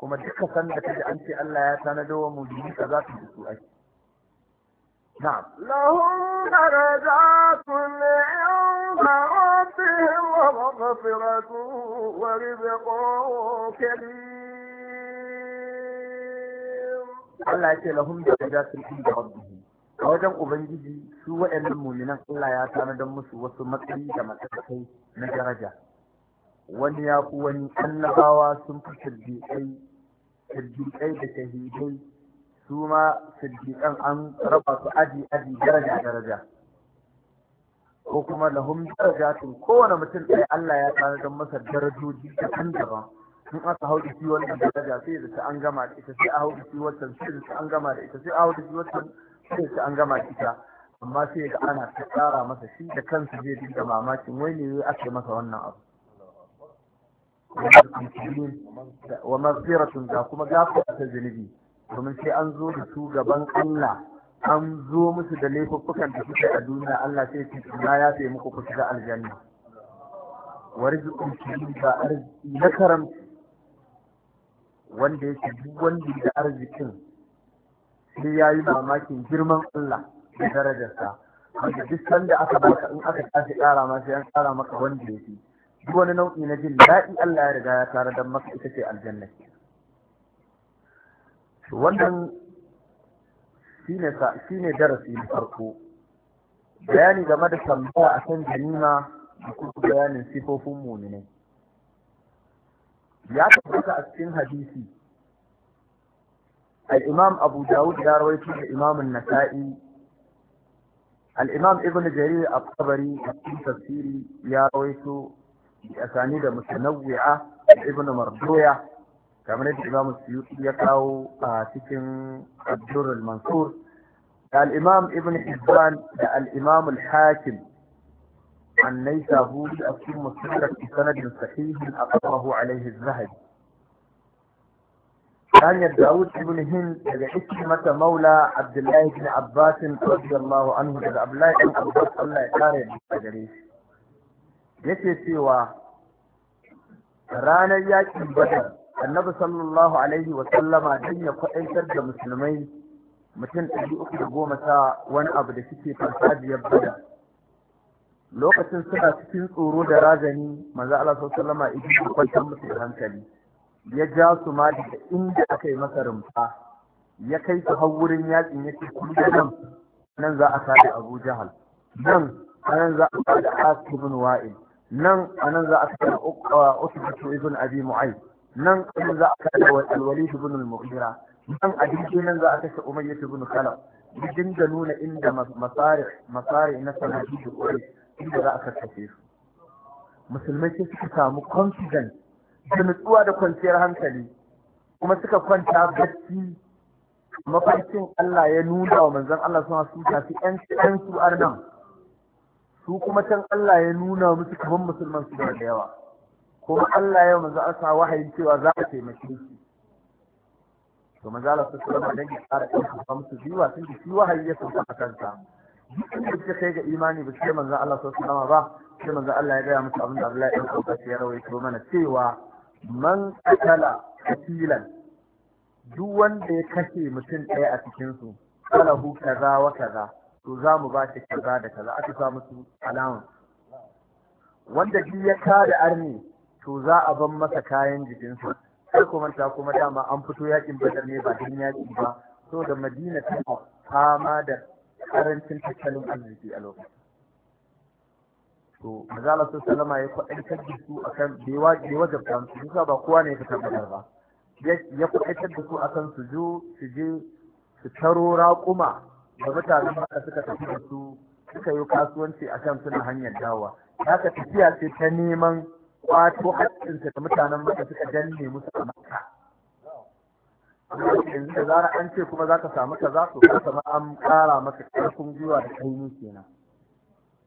Speaker 1: كما دكا سندك أنت ألا يتندو مجيسا ذات بسوأي نعم
Speaker 2: لهم درجات عند ربهم ومغفرة ورزق كريم
Speaker 1: الله يتي لهم درجات عند ربهم a wajen ubangiji su waɗannan muminan Allah ya don musu wasu matsayi da matakai na daraja wani ya ku wani annabawa sun fi sirdiƙai sirdiƙai da shahidai su ma sirdiƙan an raba su aji aji daraja daraja ko kuma lahum tun kowane mutum ɗaya Allah ya don masa darajoji kan daban in aka hau shi wannan daraja sai da an gama da ita sai a hau da sai da an gama da ita sai a hau da sai ta an gama kisa, amma sai ga ana ta tsara masa shi da kansa zai dinga mamakin wai ne ake masa wannan abu wa mafiratun ga kuma gafara ta zunubi domin sai an zo da su gaban Allah an zo musu da laifuffukan da suke a duniya Allah sai ce na ya sai muku ku shiga aljanna wa rizqun karim ga arziki na karamci wanda yake duk wanda da arzikin sai ya yi mamakin girman Allah da darajarsa wanda duk da aka baka in aka tashi tsara ma sai an maka wanda ya fi duk wani nau'i na jin daɗi Allah ya riga ya tare don maka ita ce aljanna wannan shine darasi na farko bayani game da tambaya a kan ganima da kuma bayanin sifofin muminai ya tabbata a cikin hadisi الإمام أبو داود يا رويته الإمام النسائي الإمام ابن جرير الطبري في تفسيري يا رويته بأسانيد متنوعة ابن مردوية كما الإمام السيوطي يقرأ آه، سكن الدر المنصور الإمام ابن حزبان الإمام الحاكم عن نيسابوري أكيد في بسند صحيح أقره عليه الذهب hanyar Dawud ibn Hind daga mata Maula Abdullahi ibn Abbas radiyallahu anhu daga Abdullahi ibn Abbas Allah ya kare da gare shi yake cewa ranar yakin Badar Annabi sallallahu alaihi wa sallama dan ya kwaɗaitar da musulmai mutum ɗari uku da goma sa, wani abu da suke farfajiyar Badar lokacin suna cikin tsoro da razani manzo Allah sallallahu alaihi wa sallama ya kwantar musu da hankali ya ja su ma daga inda aka yi masa rumfa ya kai su har wurin yakin ya ce kun da nan nan za a kada Abu Jahal nan anan za a kada Asib ibn Wa'il nan anan za a kada Utbah uh, ibn Abi Mu'ayth nan anan za a kada Al-Walid ibn Al-Mughira nan a dinki nan za a kashe Umayyah ibn Khalaf bidin da nuna inda masari masari na sanadi da inda za a kashe su musulmai sai suka samu confidence da nutsuwa da kwanciyar hankali kuma suka kwanta bacci mafarkin Allah ya nuna wa manzan Allah suna su tafi ‘yan su arnan su kuma can Allah ya nuna wa musu kaman musulman su da yawa kuma Allah ya manzo asa wahayin cewa za a taimake shi to manzo Allah su kuma dan tsara ɗan su ba musu jiwa sun ji wahayi ya sauka a kansa duk inda suka kai ga imani ba sai manzan Allah su alaihi ba sai manzan Allah ya gaya musu abin da Abdullahi ibn Abbas ya rawaito mana cewa man qatala katilan duk wanda ya kashe mutum ɗaya a cikinsu su alahu kaza wa kaza to za mu ba shi kaza da kaza aka sa musu alawan wanda duk ya kada arni to za a ban masa kayan jikinsu, sai kuma ta kuma dama an fito yakin badar ne ba din yaki ba so da madina ta fama da karancin tattalin arziki a lokacin to mazala sun salama ya kwaɗin da su akan bai wajabta su bisa ba kowa ne ya fi ba ya kwaɗin da su akan su jo su je su taro raƙuma da mutanen haka suka tafi da su suka yi kasuwanci a kan suna hanyar dawa ka tafiya ce ta neman kwato haƙƙinsa da mutanen maka suka danne musu a maka yanzu da zara an ce kuma za ka samu ka su to ma an ƙara masa ƙarfin gwiwa da kai kenan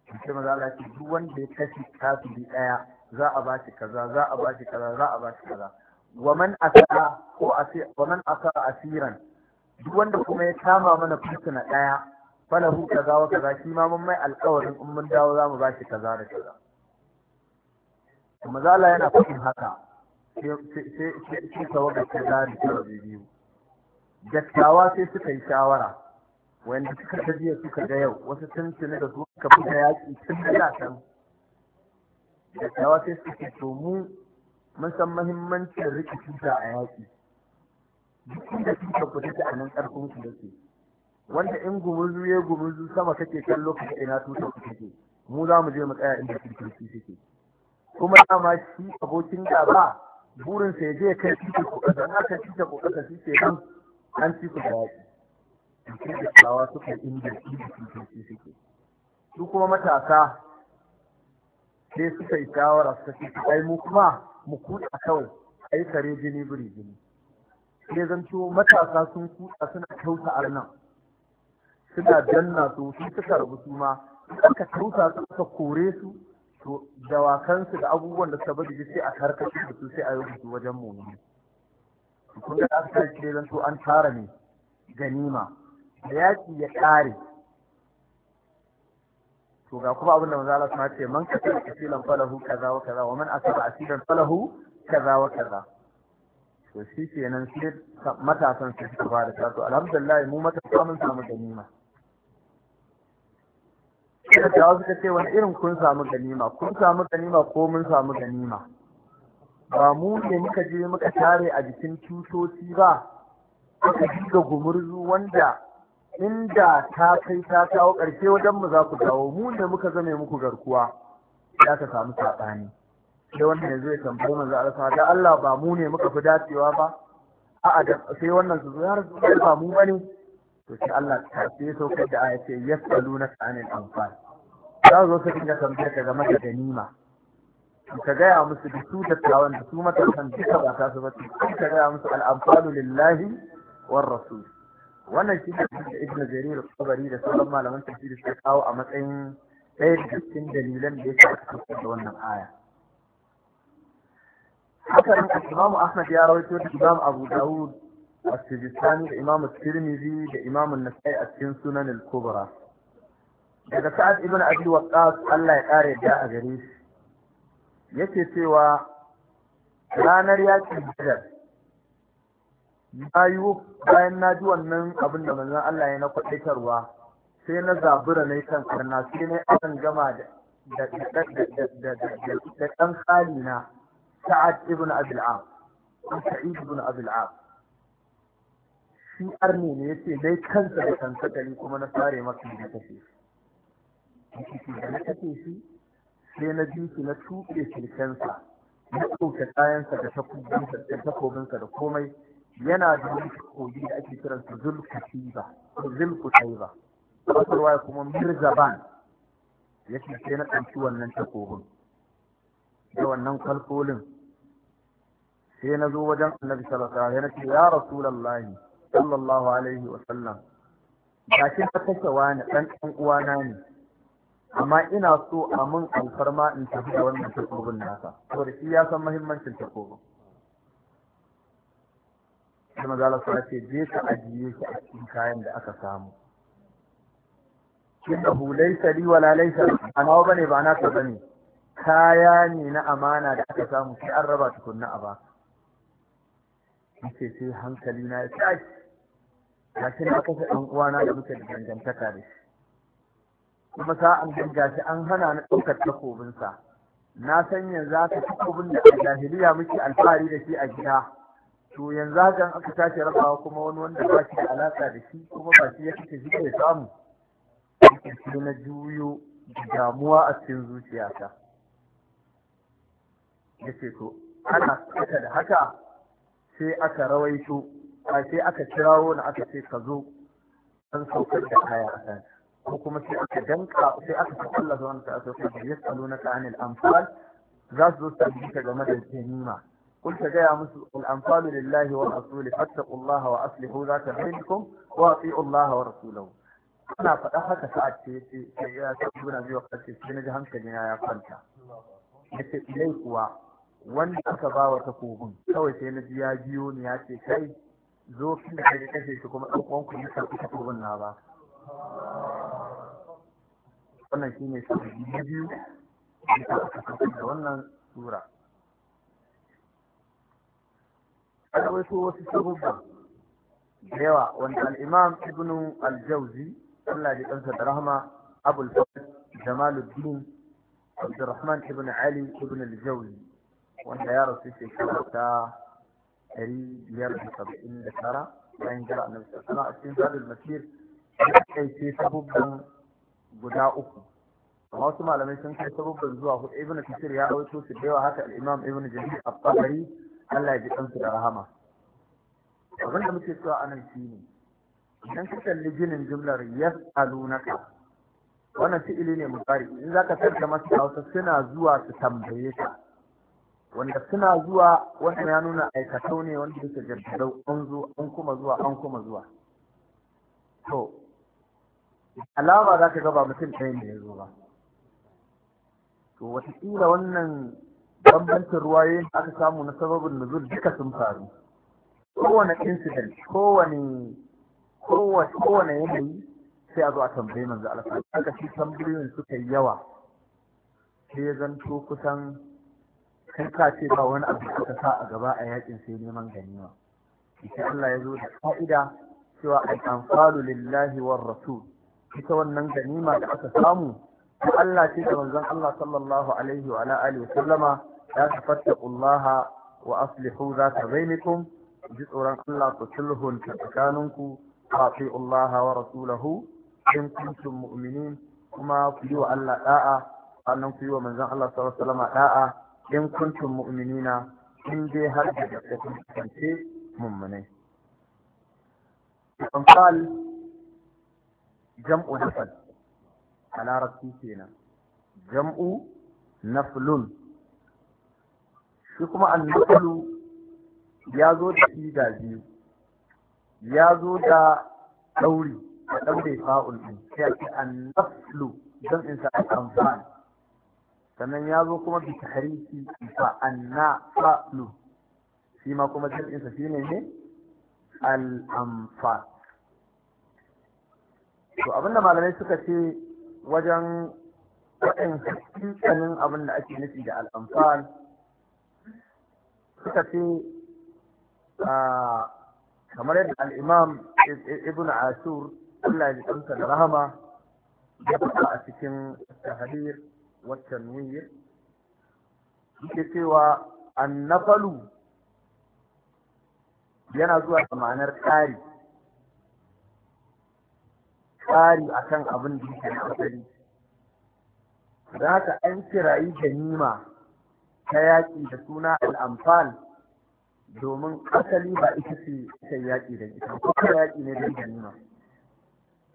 Speaker 1: sai maza Allah ce duk wanda ya kashe kafiri daya za a bashi kaza za a bashi kaza za a bashi kaza wa man asara ko asir wa man asiran duk wanda kuma ya kama mana fursuna daya falahu kaza wa kaza shi ma mun mai alƙawarin in mun dawo za mu bashi kaza da kaza maza yana faɗin haka sai sai sai sai sai biyu dattawa sai suka yi shawara wanda suka ta jiya suka ga yau wasu sun tuni da suka suka da yaƙi tun da yasan da tsawa sai suke to mu mun san mahimmancin rikici tuta a yaƙi duk inda tuta ku ta a nan ƙarfin ku yake wanda in gumuzu ya gumuzu sama kake kan lokacin ina tuta ku take mu za mu je mu tsaya inda kirkirki ke. kuma dama shi abokin gaba burinsa ya je kai tuta ke ƙasa na ka tuta ku ƙasa shi ke nan an ci ku da yaƙi da dattawa suka inganci da cutoci suke su kuma matasa sai suka yi shawara suka ce ai mu kuma mu kuɗa kawai ai kare jini biri jini sai zanto matasa sun kuɗa suna kyauta nan, suna janna su sun suka rabu su ma suka kyauta su suka kore su to dawakansu da abubuwan da suka bari sai a karkashin da su sai a su wajen mu kun ga aka ce zanto an tara ne ganima da yaƙi ya ƙare to ga kuma abin da manzo Allah ya ce man ta asilan falahu kaza wa kaza wa man asaba asilan falahu kaza wa kaza to shi kenan sai matasan su suka fara ta to alhamdulillah mu matasa mun samu ganima da ta wasu ce wani irin kun samu ganima kun samu ganima ko mun samu ganima ba mu ne muka je muka tare a jikin tutoci ba aka ji ga gumurzu wanda inda ta kai ta kawo ƙarshe wajen mu za ku dawo mu ne muka zame muku garkuwa ya ka samu saɓani sai wannan yanzu ya tambayi manzo Allah da Allah ba mu ne muka fi dacewa ba a'a da sai wannan su ya ba mu bane to sai Allah ta sai saukar da aya ce yasaluna anil anfal za zo su dinga tambayar ka game da ganima ka gaya musu da su dattawan da su matasan duka ba ta su ba ka gaya musu al'amfalu lillahi war rasul wannan shi ne da ibn jarir al-tabari da sauran malaman tafsiri suka kawo a matsayin ɗaya da cikin dalilan da ya sa aka da wannan aya haka ne Imam Ahmad ya rawaito da Imam Abu Da'ud, as-Sijistani da Imam Tirmidhi da Imam An-Nasa'i a cikin Sunan al-Kubra daga Sa'ad ibn Abi Waqqas Allah ya kare da a gare shi yake cewa ranar yakin Badr na bayan na ji wannan abin da manzon Allah ya na kwaɗaitarwa sai na zabura na kan karna sai na akan gama da da ɗan hali na sa'ad ibn abil ɗan ko sa'id ibn abil shi ne yace dai kansa da kansa kuma na sare masu da kashe shi da na kashe shi sai na ji shi na tuke shirkensa na ɗauke kayansa da takobinsa da komai yana da wani kogi da ake kiran su zulkutiba ko zulkutaiba wasu ruwa kuma mirzaban ya ce sai na ɗauki wannan takobin da wannan kalkolin sai na zo wajen annabi sallallahu alaihi wasallam ce ya rasulullahi sallallahu alaihi wasallam ga shi na kashe wani ɗan ɗan uwana ne amma ina so a mun alfarma in tafi da wannan takobin nasa saboda shi ya san muhimmancin takobin sai mazala sa ce je ka ajiye shi a cikin kayan da aka samu innahu laysa li wala laysa ana ba ne ba na ka bane kaya ne na amana da aka samu sai an raba tukunna a ba yace sai hankali na ya tashi gashi na kashe ɗan uwana da muke da dangantaka da shi kuma sa'an da gashi an hana ni ɗaukar takobinsa na san yanzu haka takobin da a jahiliya muke alfahari da shi a gida to yanzu hakan aka tashi rabawa kuma wani wanda ba shi da alaka da shi kuma ba shi ya kake shi ke samu shi na juyo damuwa a cikin zuciyata yace to ana haka da haka sai aka rawaito a sai aka kirawo na aka ce ka zo an saukar da kaya a kan ko kuma sai aka danka sai aka ta Allah zuwa ta ta'ala sai ya tsalo na kanil amfal za su zo su tabbata game da jinima قلت يا مسلم الأنفال لله والرسول فاتقوا الله وأصلحوا ذات بينكم وأطيعوا الله ورسوله أنا قد أخذت ساعتي في سبنا في وقت سبنا جهنم كجنا يا فانتا yace ilai kuwa wanda aka ba wa kawai sai na ji ya biyo ni ya ce kai zo kin da kai kashe shi kuma ɗan ku ne karɓi ba wannan da wannan sura Akwai wasu sabubba da yawa wanda al ibn al-jawzi Allah ya kansa da rahama abul fadl jamaluddin abdurrahman ibn ali ibn al-jawzi wanda ya rasu shekara ta ɗari biyar da saba'in da tara bayan jira na sallallahu alaihi wasallam a cikin zadul masir ya kai sabubban guda uku amma wasu malamai sun kai sabubban zuwa hudu ibn kasir ya rawaito su da yawa haka al-imam ibn jarir al-tabari Allah ya ji ɗansu da rahama abin da muke cewa anan shi ne idan ka kalli jinin jumlar ka. wannan fi'ili ne mutari in za ka sarka masu Hausa suna zuwa su tambaye ka wanda suna zuwa wannan ya nuna aikatau ne wanda suka jaddadau an zo an kuma zuwa an kuma zuwa to alama za ka gaba mutum ɗaya ne ya zo ba to wataƙila wannan bambancin ruwayoyin da aka samu na sababin nuzul duka sun faru kowane incident kowane kowace kowane yanayi sai a zo a tambaye manzo Allah aka shi tambayoyin suka yawa sai ya zanto kusan kai ka ce ba wani abu da sa a gaba a yakin sai neman ganima sai Allah ya zo da ka'ida cewa al-anfalu lillahi war rasul ita wannan ganima da aka samu Allah ce da manzon Allah sallallahu alaihi wa alihi wa sallama ya Allah wa aslihu zata bainakum ji tsoron Allah ku ta tsakaninku ati'u Allah wa rasulahu in kuntum mu'minin kuma ku yi wa Allah da'a sannan ku yi wa manzon Allah sallallahu alaihi wasallam da'a in kuntum mu'minina in dai har da gaske kun kasance mummunai amsal jam'u nafal a larabci kenan jam'u naflun shi kuma annabalu ya zo da siga biyu ya zo da ɗauri da ɗaure fa'ul ɗin sai a ce annablu don in sa amfani sannan ya zo kuma bi tahriki fa annabalu shi ma kuma jin sa shi ne ne anfal to abinda malamai suka ce wajen waɗin hakikanin abin da ake nufi da al suka ce kamar yadda al'imam ibn ashur Allah ya ɗansa da rahama ya faɗa a cikin tahalir waccan nuyi suke cewa annafalu yana zuwa da ma'anar ƙari ƙari akan abin da yake asali don haka an kirayi ganima ta yaƙi da suna al'amfal domin asali ba ita ce ta yaƙi da ita ko ta yaƙi ne da ganima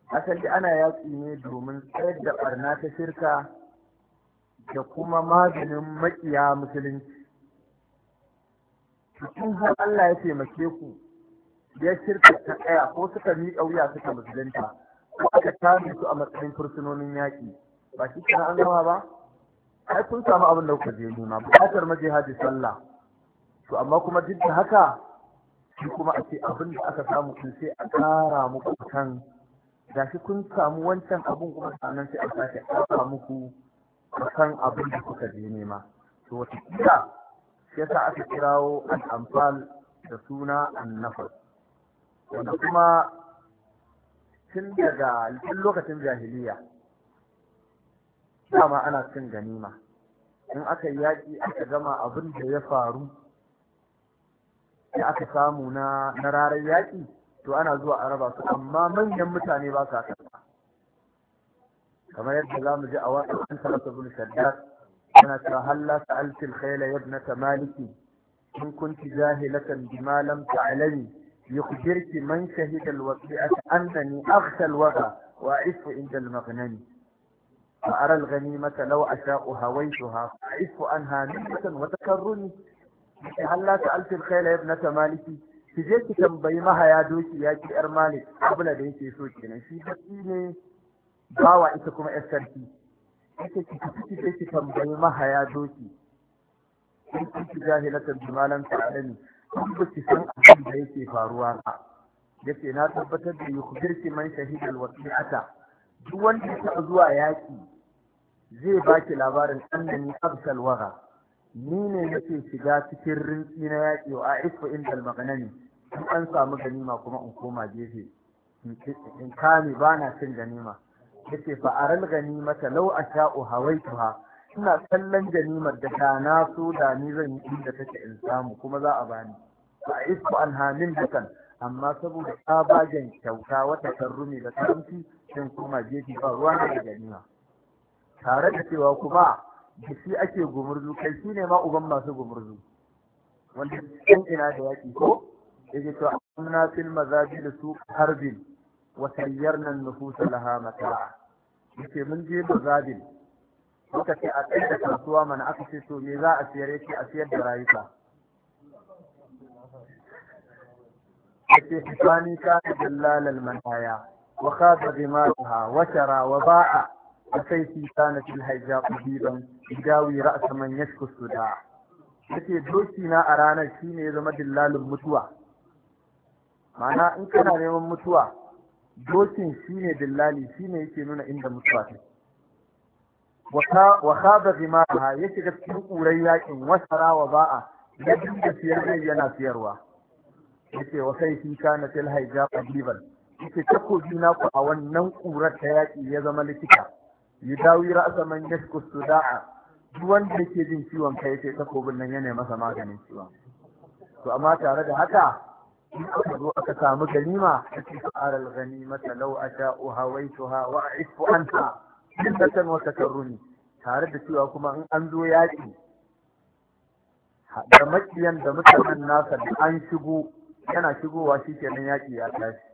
Speaker 1: asali ana yaƙi ne domin tsayar da ɓarna ta shirka da kuma maganin maƙiya musulunci cikin har Allah ya taimake ku ya shirka ta tsaya ko suka miƙa wuya suka musulunta ko aka tashi su a matsayin fursunonin yaƙi ba shi kana an gama ba ai kun samu abin da kuka je buƙatar bukatar Haji sallah to amma kuma duk da haka shi kuma a ce abin da aka samu kun sai a ƙara muku kan gashi kun samu wancan abin kuma sannan sai a sake ƙara muku kan abin da kuka je nema to wata kila shi yasa aka kirawo al'amfal da suna annafas wanda kuma tun daga lokacin jahiliya dama ana cin ganima in aka yi yaƙi aka gama abin da ya faru da aka samu na na rarar yaƙi to ana zuwa a raba su amma manyan mutane ba sa karɓa kamar yadda za mu ji a wasu an talata bin shaddad yana cewa halla sa'altil na ta maliki in kunti jahilatan ta alami ya kujirki man shahida alwaqi'ata annani aghsha waka. wa a'ifu inda almaghnami فأرى الغنيمة لو أشاء هويتها فأعف عنها نعمة وتكرني هل لا سألت الخيل يا ابنة مالكي ki je ki tambayi mahaya doki ya ki yar malik abin da yake so kenan shi baki ne bawa ita kuma yar sarki yake ki tafi ki ki tambayi mahaya doki in kun ki jahilatan bimalan ta'alani kun ba ki san abin da yake faruwa ba yace na tabbatar da yukhbirki man shahidal wasi'ata duk wanda ya taɓa zuwa yaƙi zai baki labarin annani absal waga ni ne nake shiga cikin rinki na yaƙi wa aifu inda almaganani in an samu ganima kuma in koma gefe in kame ba na cin ganima yace fa aral a law asha'u hawaituha ina kallon ganimar da ta na so da ni zan yi inda take in samu kuma za a bani fa aifu an hamin dukan amma saboda tsabagen kyauta wata karrumi da karamci sai kuma jeji ba ruwa ne da ganima tare da cewa kuma da shi ake gumurzu kai shi ne ma uban masu gumurzu wanda cikin ina da yaƙi ko yake to amna fil mazaji da su harbin wa sayyarna nufusa laha mata'a yace mun je mazabil muka ce a tsaye da kasuwa mana aka ce to me za a siyar yake a siyar da rayuka yace fitani kana dallalal manaya وخاض دماغها وشرى وباع وسيفي كانت الهجاء قديبا يداوي رأس من يشكو الصداع yace doki na a ranar shine ya zama dillalin mutuwa ma'ana in kana neman mutuwa dokin shine dillali shine yake nuna inda mutuwa ta wa khaba zimaha ya shiga cikin kurai yakin wasara wa ba'a ya dinga siyar yana siyarwa yace wa sai shi kana fil hijab adiban ce takobi na ku a wannan ƙurar ta yaƙi ya zama likita dawi ra'asa man yashku da'a duk wanda yake jin ciwon kai sai takobin nan yana masa maganin ciwon to amma tare da haka in aka zo aka samu ganima a aral kace sa'ar al-ghanimata law an ha, wa a'ifu san wata wa ne, tare da cewa kuma in an zo yaƙi da makiyan da mutanen nasa da an shigo yana shigowa shi kenan yaƙi ya tashi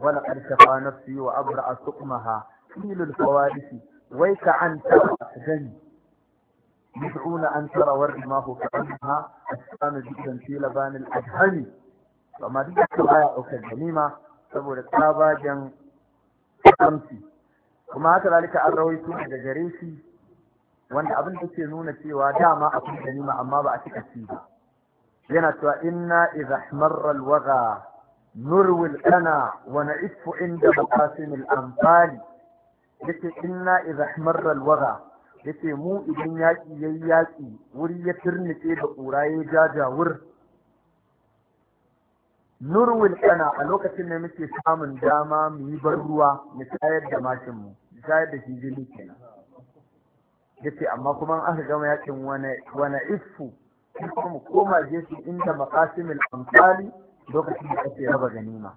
Speaker 1: wala arshafa nafsi wa abra a sukmaha filin kawarisi wai ka an tara gani mutuna an tara wari ma ku kaɗan ha a sami jikin fila banil adhani ba ma duk da baya ganima saboda tsabagen kamsi kuma haka lalika an rawaito daga gare shi wanda abin da ke nuna cewa dama akwai ganima amma ba a cika ci ba yana cewa inna idhamarra alwaga نروي الأنا ونعف عند مقاسم الأنفال yace inna idza ihmarra alwaga yace mu idan yaki yayi yaki wuri ya turnike da kuraye jajawur nurwil kana a lokacin da muke samun dama mu yi bar ruwa mu tayar da mashin mu tayar da shi kenan yace amma kuma an aka gama yakin wani wani ifu kuma mu koma jeshi inda makasimil amsali lokacin da ake raba ganima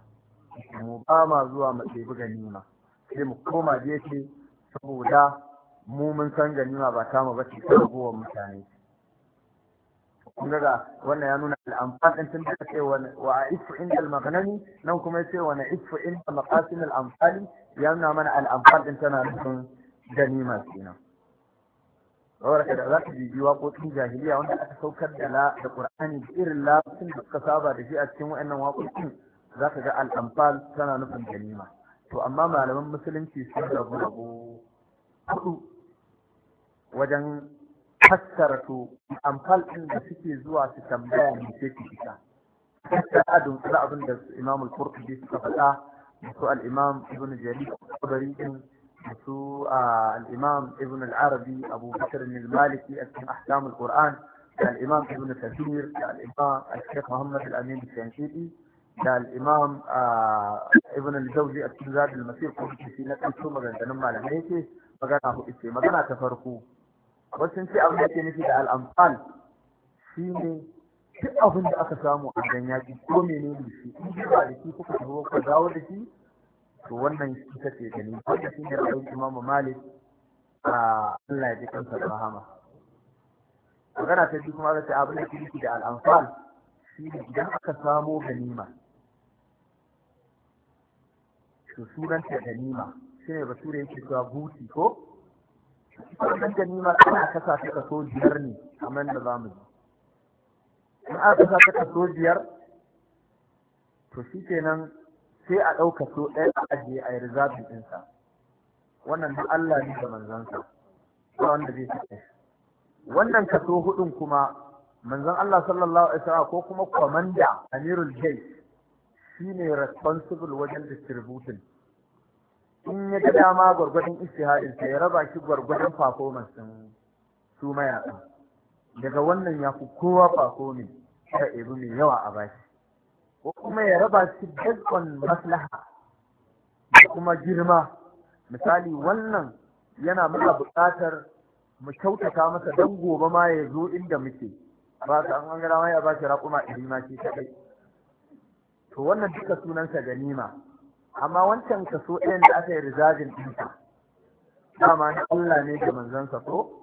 Speaker 1: mu ba ma zuwa mu ɗebi ganima sai mu koma gefe saboda mu mun san ganima ba kama ba ce ta ragowar mutane kun ga wannan ya nuna al'amfan tun da ce wa ifu inda al-maghnami nan kuma ya ce wa na ifu inda maqasin al-amfali ya nuna mana al'amfan ɗin tana nufin ganima kenan saboda da za ta bibi waƙoƙin jahiliya wanda aka saukar da la da qur'ani da irin lafin da suka saba da shi a cikin wa'annan waƙoƙin za ka ga al'amfal tana nufin ganima to amma malaman musulunci sun rabu rabu hudu wajen fassara to amfal ɗin da suke zuwa su tambaya mai ce ki fita fassara a kula abin da imamul qurtubi suka faɗa da su al-imam ibn jarir al da su al'imam ibn al-arabi abu bakar al maliki a cikin ahkam al-qur'an da al'imam ibn tafsir da al'imam al-sheikh muhammad al-amin shankidi da al'imam ibn al-jawzi a cikin zabi al-masir ko shi na kanto maganganun malamai yake magana hudu ce magana ta farko wasu ce abin da ke nufi da al'amfal shi ne duk abin da aka samu a ganyaji ko menene shi in ba da shi kuka shi ko dawo da shi to wannan ita ce gani wanda shi ne ra'ayin imamu malik a Allah ya ji kansa da rahama magana ta biyu kuma za ta abin da kirki da al'amfal shi ne idan aka samo ganima to ta ganima shi ne sura yake cewa buti ko wannan ganima ana kasa ta kaso biyar ne kamar da za mu ji in aka kasa ta kaso biyar to shi kenan sai a ɗauka so ɗaya a ajiye a yi rizabin ɗinsa wannan da Allah ne da manzansa ba wanda zai sake wannan kaso hudun kuma Manzan Allah sallallahu alaihi wasallam ko kuma komanda amirul jay shine responsible wajen distributing in ya ga dama gwargwadon istihadin sai ya raba shi gwargwadon performance din su mayaka daga wannan ya fi kowa performing ta ebu mai yawa a bashi ko kuma ya raba shi dukkan maslaha da kuma girma misali wannan yana muka buƙatar mu kyautata masa dan gobe ma ya zo inda muke ba ta an gara ma ya ba shi raƙuma ɗari ma shi kaɗai to wannan duka sunansa ganima amma wancan kaso ɗayan da aka yi rizajin ɗinsa dama na Allah ne da manzansa ko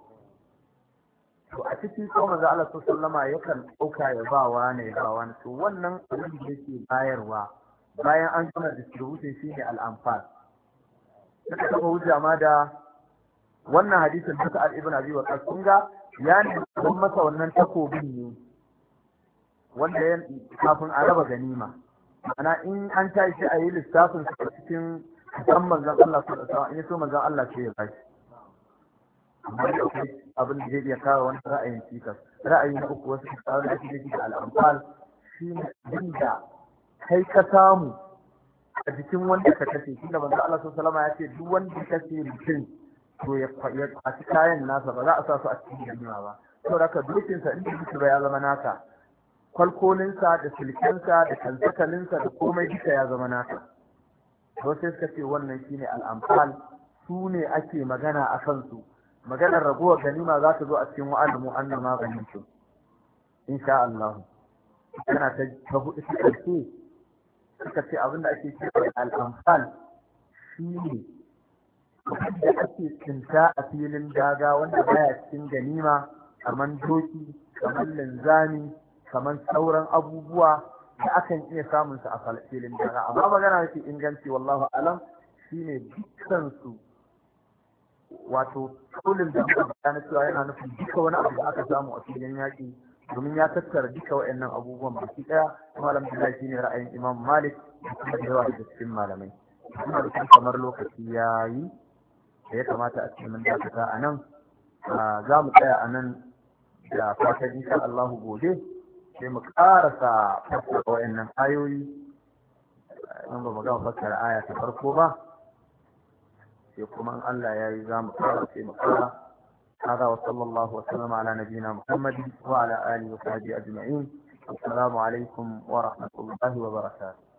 Speaker 1: to a cikin ko manzo Allah sallama yakan ɗauka ya ba wani ya ba wani to wannan abin da yake bayarwa bayan an gama distribution shine ne anfal suka kafa wuce ma da wannan hadisin duka Al'ibin ibn abi wa kunga ya ne don masa wannan takobin ne wanda ya kafin a raba ganima ana in an tashi a yi lissafin su cikin dan manzan Allah su da tsawon in so manzan Allah ce ya bashi abin da zai iya kawo wani ra'ayin cikas ra'ayi na uku wasu tsawon da ake da al'amfal shi ne abin da kai ka samu a jikin wanda ka kashe shi da manzo Allah sallallahu ya ce duk wanda ka kashe mutum to ya kwaci kayan nasa ba za a sa su a cikin jami'a ba saboda haka dokinsa in da ba ya zama naka kwalkolinsa da silkensa da kansakalinsa da komai duka ya zama naka to sai suka ce wannan shine al'amfal su ne ake magana a kansu maganar raguwar ganima za ta zo a cikin wa'alimu annan ma ganimtu insha Allah kana ta ta ta kace suka ce abinda ake cewa al-amsal shine da ake tsinta a filin daga wanda baya cikin ganima kamar doki kamar linzami kamar sauran abubuwa da akan iya samun su a filin daga amma magana yake inganci wallahu alam shine dukkan wato kaulin da aka bayan cewa yana nufin duka wani abu da aka samu a filin yaƙi domin ya tattara duka waɗannan abubuwan baki ɗaya kuma alhamdulillah shine ra'ayin imam malik da kuma da yawa daga cikin malamai ina da kamar lokaci ya yi da ya kamata a cikin mun dakata a nan za mu tsaya a nan da fatan insha Allahu gobe sai mu ƙarasa fassara waɗannan ayoyi in ba mu gama da aya ta farko ba sai kuma Allah ya yi za mu fara sai mu fara هذا وصلى الله وسلم على نبينا محمد وعلى آله وصحبه أجمعين السلام عليكم ورحمة الله وبركاته